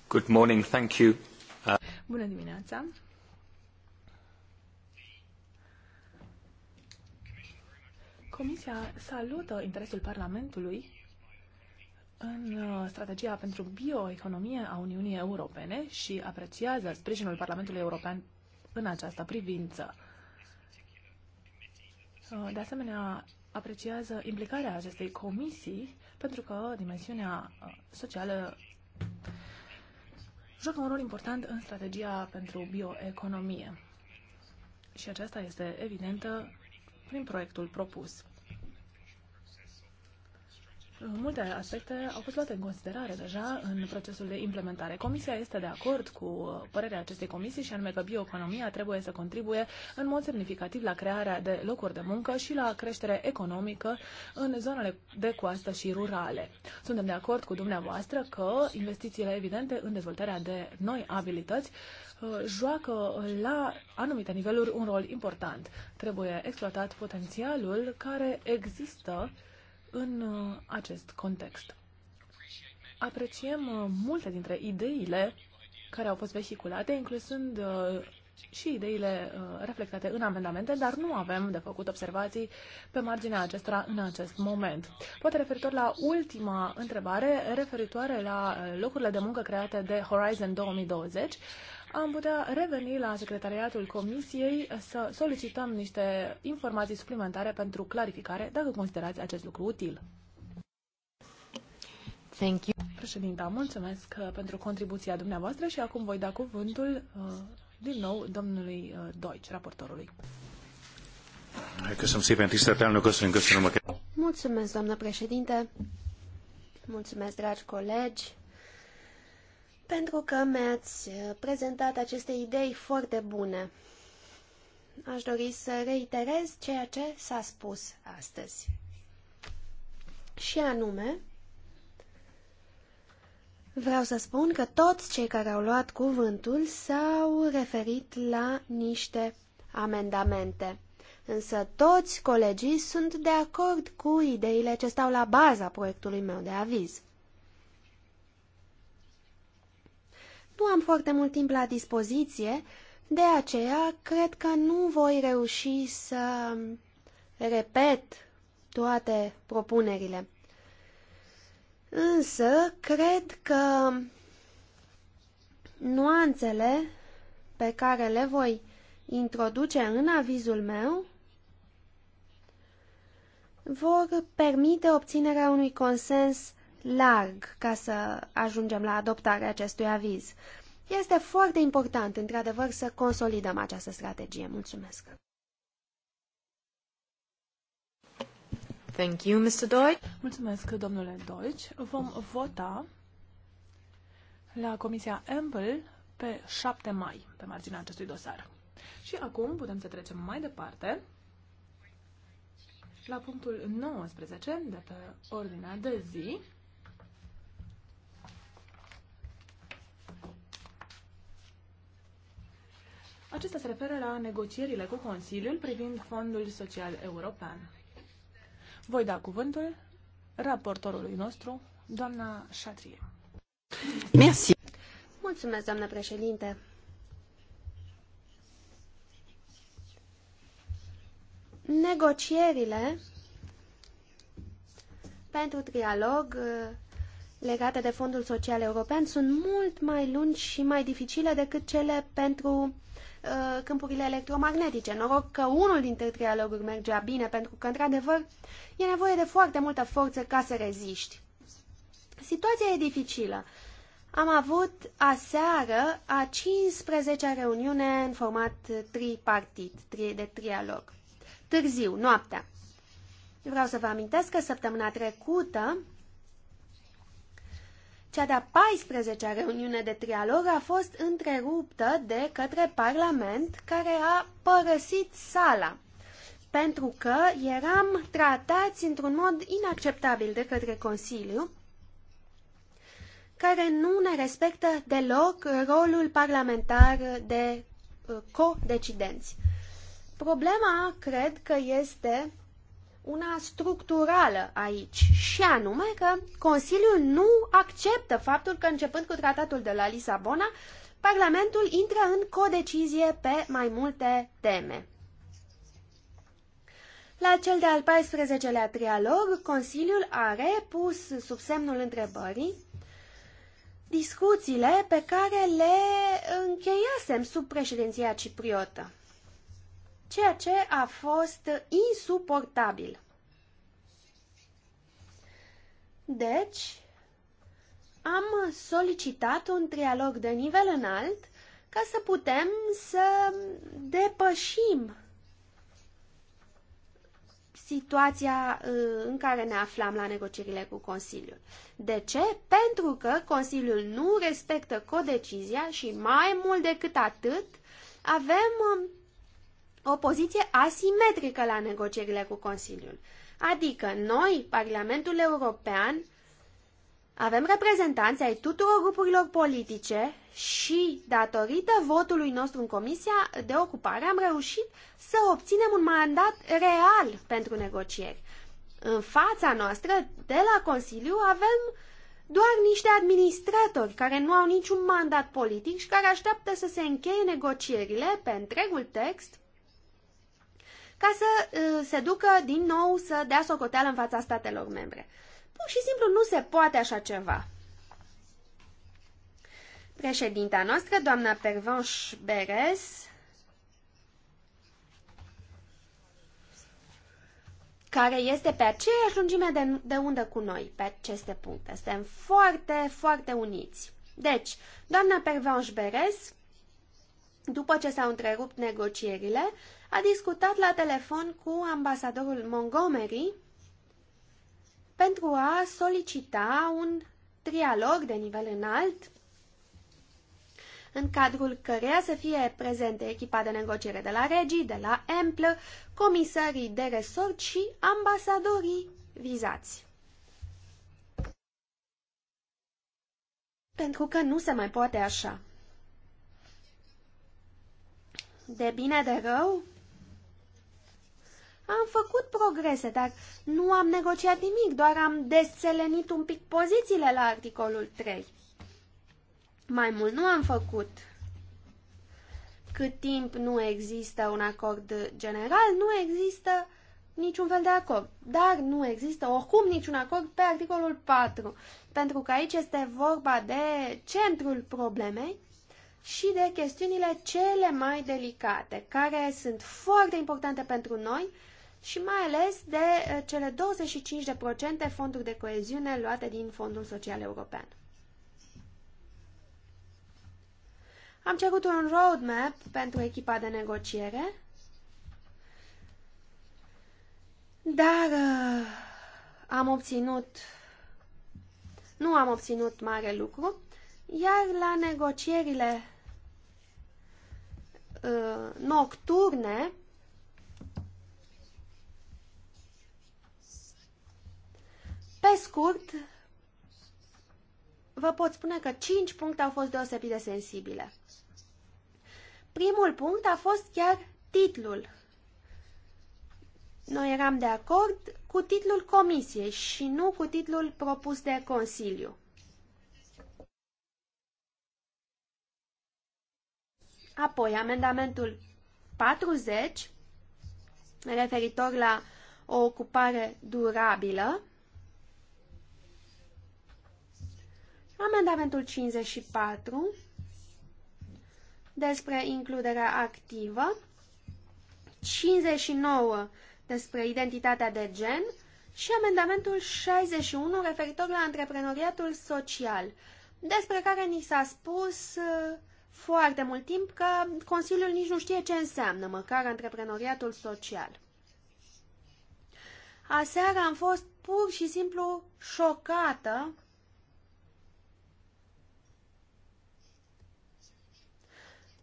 Good morning, thank you. Uh... Bună dimineața. Comisia salută interesul Parlamentului în uh, strategia pentru bioeconomie a Uniunii Europene și apreciază sprijinul Parlamentului European în această privință. Uh, de asemenea, apreciază implicarea acestei comisii pentru că dimensiunea uh, socială joacă un rol important în strategia pentru bioeconomie. Și aceasta este evidentă prin proiectul propus. Multe aspecte au fost luate în considerare deja în procesul de implementare. Comisia este de acord cu părerea acestei comisii și anume că bioeconomia trebuie să contribuie în mod semnificativ la crearea de locuri de muncă și la creștere economică în zonele de coastă și rurale. Suntem de acord cu dumneavoastră că investițiile evidente în dezvoltarea de noi abilități uh, joacă la anumite niveluri un rol important. Trebuie exploatat potențialul care există în uh, acest context. Apreciem uh, multe dintre ideile care au fost vehiculate, inclusând uh, și ideile reflectate în amendamente, dar nu avem de făcut observații pe marginea acestora în acest moment. Poate referitor la ultima întrebare, referitoare la locurile de muncă create de Horizon 2020, am putea reveni la secretariatul comisiei să solicităm niște informații suplimentare pentru clarificare, dacă considerați acest lucru util. Thank you. Președinta, mulțumesc uh, pentru contribuția dumneavoastră și acum voi da cuvântul uh, din nou domnului uh, Deutsch, raportorului. Mulțumesc, doamnă președinte. Mulțumesc, dragi colegi pentru că mi-ați uh, prezentat aceste idei foarte bune. Aș dori să reiterez ceea ce s-a spus astăzi. Și anume, vreau să spun că toți cei care au luat cuvântul s-au referit la niște amendamente. Însă toți colegii sunt de acord cu ideile ce stau la baza proiectului meu de aviz. Nu am foarte mult timp la dispoziție, de aceea cred că nu voi reuși să repet toate propunerile. Însă, cred că nuanțele pe care le voi introduce în avizul meu vor permite obținerea unui consens larg ca să ajungem la adoptarea acestui aviz. Este foarte important, într-adevăr, să consolidăm această strategie. Mulțumesc! Thank you, Mr. Deutsch. Mulțumesc, domnule Deutsch. Vom vota la Comisia Ample pe 7 mai, pe marginea acestui dosar. Și acum putem să trecem mai departe la punctul 19 de pe ordinea de zi. Acesta se referă la negocierile cu Consiliul privind Fondul Social European. Voi da cuvântul raportorului nostru, doamna Șatrie. Merci. Mulțumesc, doamnă președinte. Negocierile pentru trialog uh, legate de Fondul Social European sunt mult mai lungi și mai dificile decât cele pentru Uh, câmpurile electromagnetice. Noroc că unul dintre trialoguri mergea bine, pentru că, într-adevăr, e nevoie de foarte multă forță ca să reziști. Situația e dificilă. Am avut aseară a 15-a reuniune în format tripartit, tri, de trialog. Târziu, noaptea. Vreau să vă amintesc că săptămâna trecută cea de-a 14-a reuniune de trialog a fost întreruptă de către Parlament, care a părăsit sala, pentru că eram tratați într-un mod inacceptabil de către Consiliu, care nu ne respectă deloc rolul parlamentar de uh, codecidenți. Problema, cred că, este una structurală aici, și anume că Consiliul nu acceptă faptul că începând cu tratatul de la Lisabona, Parlamentul intră în codecizie pe mai multe teme. La cel de-al 14-lea trialog, Consiliul a repus sub semnul întrebării discuțiile pe care le încheiasem sub președinția cipriotă ceea ce a fost insuportabil. Deci, am solicitat un trialog de nivel înalt ca să putem să depășim situația uh, în care ne aflam la negocierile cu Consiliul. De ce? Pentru că Consiliul nu respectă codecizia și mai mult decât atât avem um, o poziție asimetrică la negocierile cu Consiliul. Adică noi, Parlamentul European, avem reprezentanți ai tuturor grupurilor politice și, datorită votului nostru în Comisia de Ocupare, am reușit să obținem un mandat real pentru negocieri. În fața noastră, de la Consiliu, avem doar niște administratori care nu au niciun mandat politic și care așteaptă să se încheie negocierile pe întregul text ca să uh, se ducă din nou să dea socoteală în fața statelor membre. Pur și simplu nu se poate așa ceva. Președinta noastră, doamna Pervanș Beres, care este pe aceeași lungime de, de undă cu noi pe aceste puncte. Suntem foarte, foarte uniți. Deci, doamna Pervanș Beres, după ce s-au întrerupt negocierile, a discutat la telefon cu ambasadorul Montgomery pentru a solicita un trialog de nivel înalt în cadrul căreia să fie prezente echipa de negociere de la Regi, de la Emplă, comisarii de resort și ambasadorii vizați. Pentru că nu se mai poate așa. De bine de rău, am făcut progrese, dar nu am negociat nimic, doar am deselenit un pic pozițiile la articolul 3. Mai mult nu am făcut. Cât timp nu există un acord general, nu există niciun fel de acord. Dar nu există oricum niciun acord pe articolul 4, pentru că aici este vorba de centrul problemei și de chestiunile cele mai delicate, care sunt foarte importante pentru noi și mai ales de eh, cele 25% fonduri de coeziune luate din Fondul Social European. Am cerut un roadmap pentru echipa de negociere, dar uh, am obținut, nu am obținut mare lucru, iar la negocierile uh, nocturne, Pe scurt, vă pot spune că cinci puncte au fost deosebit de sensibile. Primul punct a fost chiar titlul. Noi eram de acord cu titlul comisiei și nu cu titlul propus de Consiliu. Apoi, amendamentul 40, referitor la o ocupare durabilă, Amendamentul 54 despre includerea activă, 59 despre identitatea de gen și amendamentul 61 referitor la antreprenoriatul social, despre care ni s-a spus uh, foarte mult timp că Consiliul nici nu știe ce înseamnă măcar antreprenoriatul social. Aseară am fost pur și simplu șocată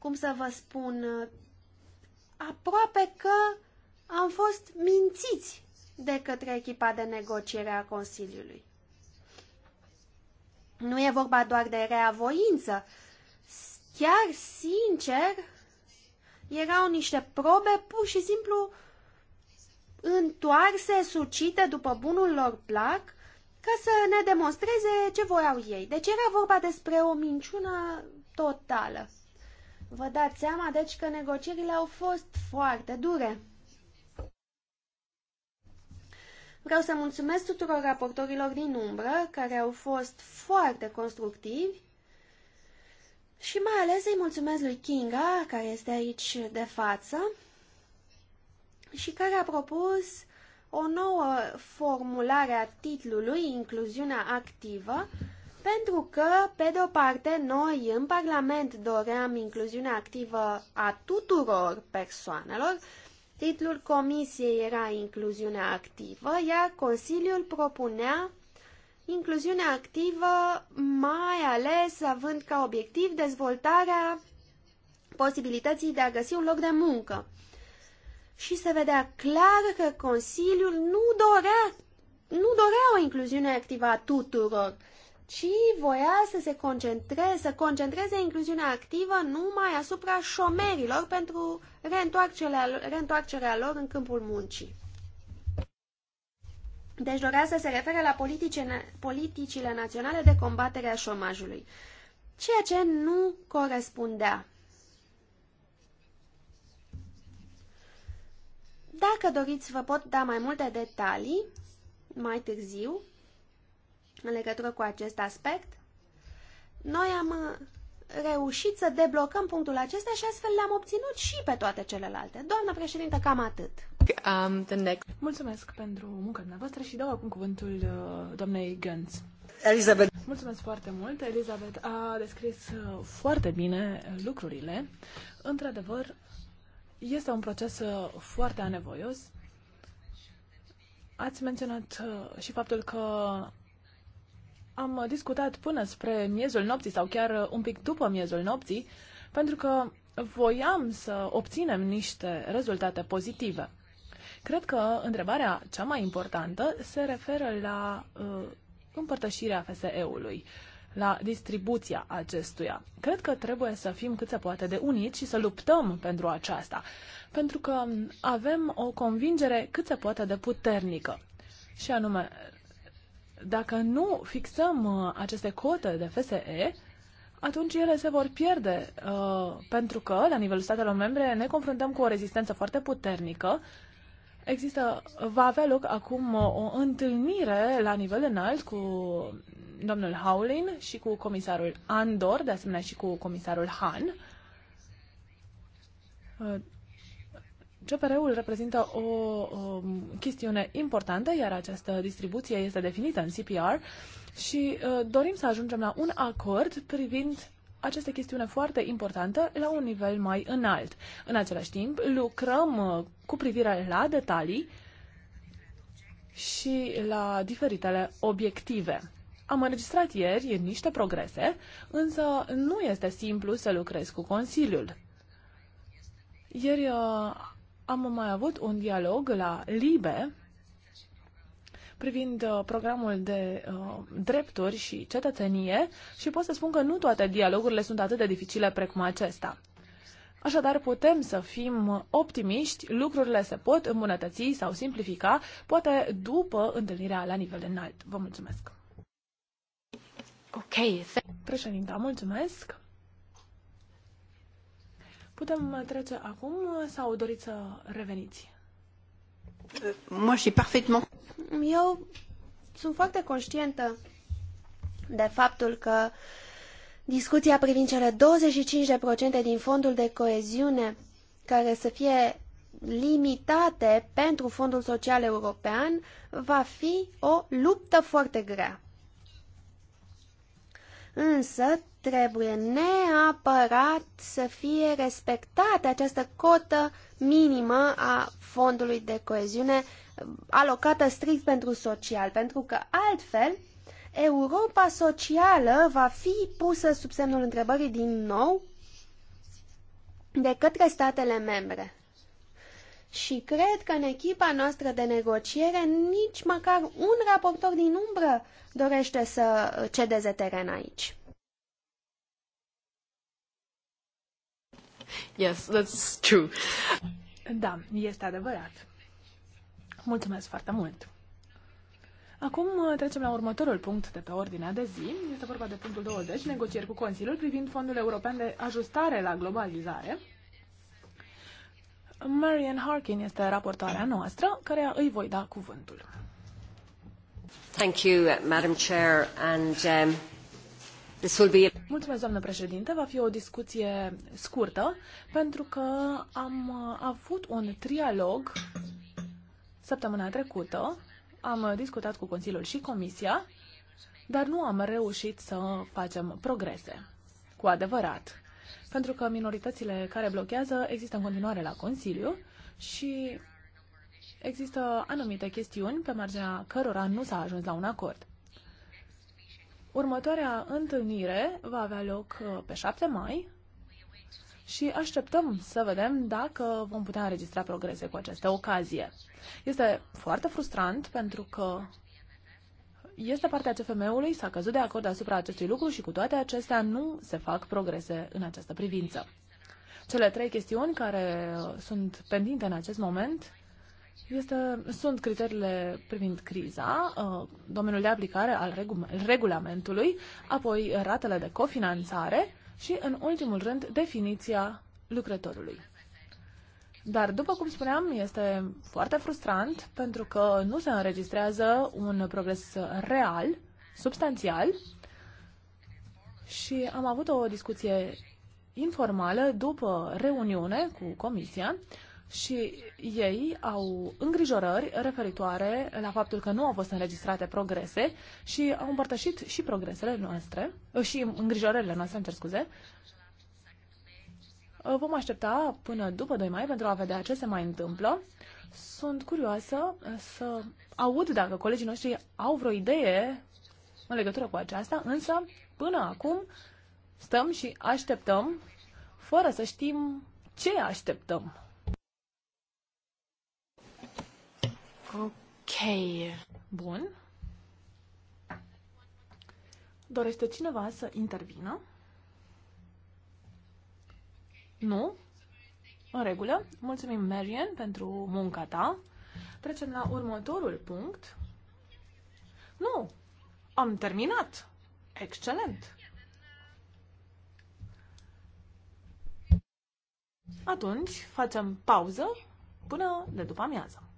cum să vă spun, aproape că am fost mințiți de către echipa de negociere a Consiliului. Nu e vorba doar de rea voință. Chiar sincer, erau niște probe pur și simplu întoarse, sucite după bunul lor plac, ca să ne demonstreze ce voiau ei. Deci era vorba despre o minciună totală. Vă dați seama, deci, că negocierile au fost foarte dure. Vreau să mulțumesc tuturor raportorilor din umbră, care au fost foarte constructivi și mai ales îi mulțumesc lui Kinga, care este aici de față și care a propus o nouă formulare a titlului, incluziunea activă, pentru că, pe de o parte, noi în Parlament doream incluziunea activă a tuturor persoanelor, titlul comisiei era incluziunea activă, iar Consiliul propunea incluziunea activă, mai ales având ca obiectiv dezvoltarea posibilității de a găsi un loc de muncă. Și se vedea clar că Consiliul nu dorea, nu dorea o incluziune activă a tuturor, ci voia să se concentreze, să concentreze incluziunea activă numai asupra șomerilor pentru reîntoarcerea, reîntoarcerea lor în câmpul muncii. Deci dorea să se refere la politicile naționale de combatere a șomajului, ceea ce nu corespundea. Dacă doriți, vă pot da mai multe detalii mai târziu, în legătură cu acest aspect. Noi am uh, reușit să deblocăm punctul acesta și astfel le-am obținut și pe toate celelalte. Doamna președintă, cam atât. Um, the next. Mulțumesc pentru munca dumneavoastră și dau acum cuvântul uh, doamnei Gantz. Elizabeth. Mulțumesc foarte mult. Elizabeth a descris uh, foarte bine uh, lucrurile. Într-adevăr, este un proces foarte anevoios. Ați menționat și faptul că am discutat până spre miezul nopții sau chiar un pic după miezul nopții, pentru că voiam să obținem niște rezultate pozitive. Cred că întrebarea cea mai importantă se referă la uh, împărtășirea FSE-ului, la distribuția acestuia. Cred că trebuie să fim cât se poate de uniți și să luptăm pentru aceasta, pentru că avem o convingere cât se poate de puternică. Și anume, dacă nu fixăm uh, aceste cote de FSE, atunci ele se vor pierde, uh, pentru că, la nivelul statelor membre, ne confruntăm cu o rezistență foarte puternică. Există, va avea loc acum uh, o întâlnire la nivel înalt cu domnul Howlin și cu comisarul Andor, de asemenea și cu comisarul Han cpr ul reprezintă o, o chestiune importantă, iar această distribuție este definită în CPR și uh, dorim să ajungem la un acord privind această chestiune foarte importantă la un nivel mai înalt. În același timp, lucrăm uh, cu privire la detalii și la diferitele obiective. Am înregistrat ieri niște progrese, însă nu este simplu să lucrez cu Consiliul. Ieri uh, am mai avut un dialog la LIBE privind uh, programul de uh, drepturi și cetățenie și pot să spun că nu toate dialogurile sunt atât de dificile precum acesta. Așadar, putem să fim optimiști, lucrurile se pot îmbunătăți sau simplifica, poate după întâlnirea la nivel înalt. Vă mulțumesc! Ok. Președinta, mulțumesc! Putem trece acum sau doriți să reveniți? Moi, și parfaitement. Eu sunt foarte conștientă de faptul că discuția privind cele 25% din fondul de coeziune care să fie limitate pentru Fondul Social European va fi o luptă foarte grea. Însă Trebuie neapărat să fie respectată această cotă minimă a fondului de coeziune alocată strict pentru social, pentru că altfel Europa socială va fi pusă sub semnul întrebării din nou de către statele membre. Și cred că în echipa noastră de negociere nici măcar un raportor din umbră dorește să cedeze teren aici. Yes, that's true. Da, este adevărat. Mulțumesc foarte mult! Acum uh, trecem la următorul punct de pe ordinea de zi. Este vorba de punctul 20, negocieri cu Consiliul privind Fondul European de Ajustare la Globalizare. Marian Harkin este raportoarea noastră, care îi voi da cuvântul. Thank you, Madam Chair, and um, doamnă președinte. Va fi o discuție scurtă, pentru că am uh, avut un trialog săptămâna trecută. Am uh, discutat cu Consiliul și Comisia, dar nu am reușit să facem progrese. Cu adevărat. Pentru că minoritățile care blochează există în continuare la Consiliu și există anumite chestiuni pe marginea cărora nu s-a ajuns la un acord. Următoarea întâlnire va avea loc uh, pe 7 mai și așteptăm să vedem dacă vom putea înregistra progrese cu această ocazie. Este foarte frustrant pentru că este partea CFM-ului, s-a căzut de acord asupra acestui lucru și cu toate acestea nu se fac progrese în această privință. Cele trei chestiuni care uh, sunt pendinte în acest moment este, sunt criteriile privind criza, uh, domeniul de aplicare al regulamentului, apoi ratele de cofinanțare și, în ultimul rând, definiția lucrătorului. Dar, după cum spuneam, este foarte frustrant pentru că nu se înregistrează un progres real, substanțial și am avut o discuție informală după reuniune cu Comisia și ei au îngrijorări referitoare la faptul că nu au fost înregistrate progrese și au împărtășit și progresele noastre, uh, și îngrijorările noastre, îmi cer scuze. Uh, vom aștepta până după 2 mai pentru a vedea ce se mai întâmplă. Sunt curioasă uh, să aud dacă colegii noștri au vreo idee în legătură cu aceasta, însă până acum stăm și așteptăm fără să știm ce așteptăm. Ok. Bun. Dorește cineva să intervină? Nu? În regulă. Mulțumim, Marian, pentru munca ta. Trecem la următorul punct. Nu! Am terminat! Excelent! Atunci facem pauză până de după amiază.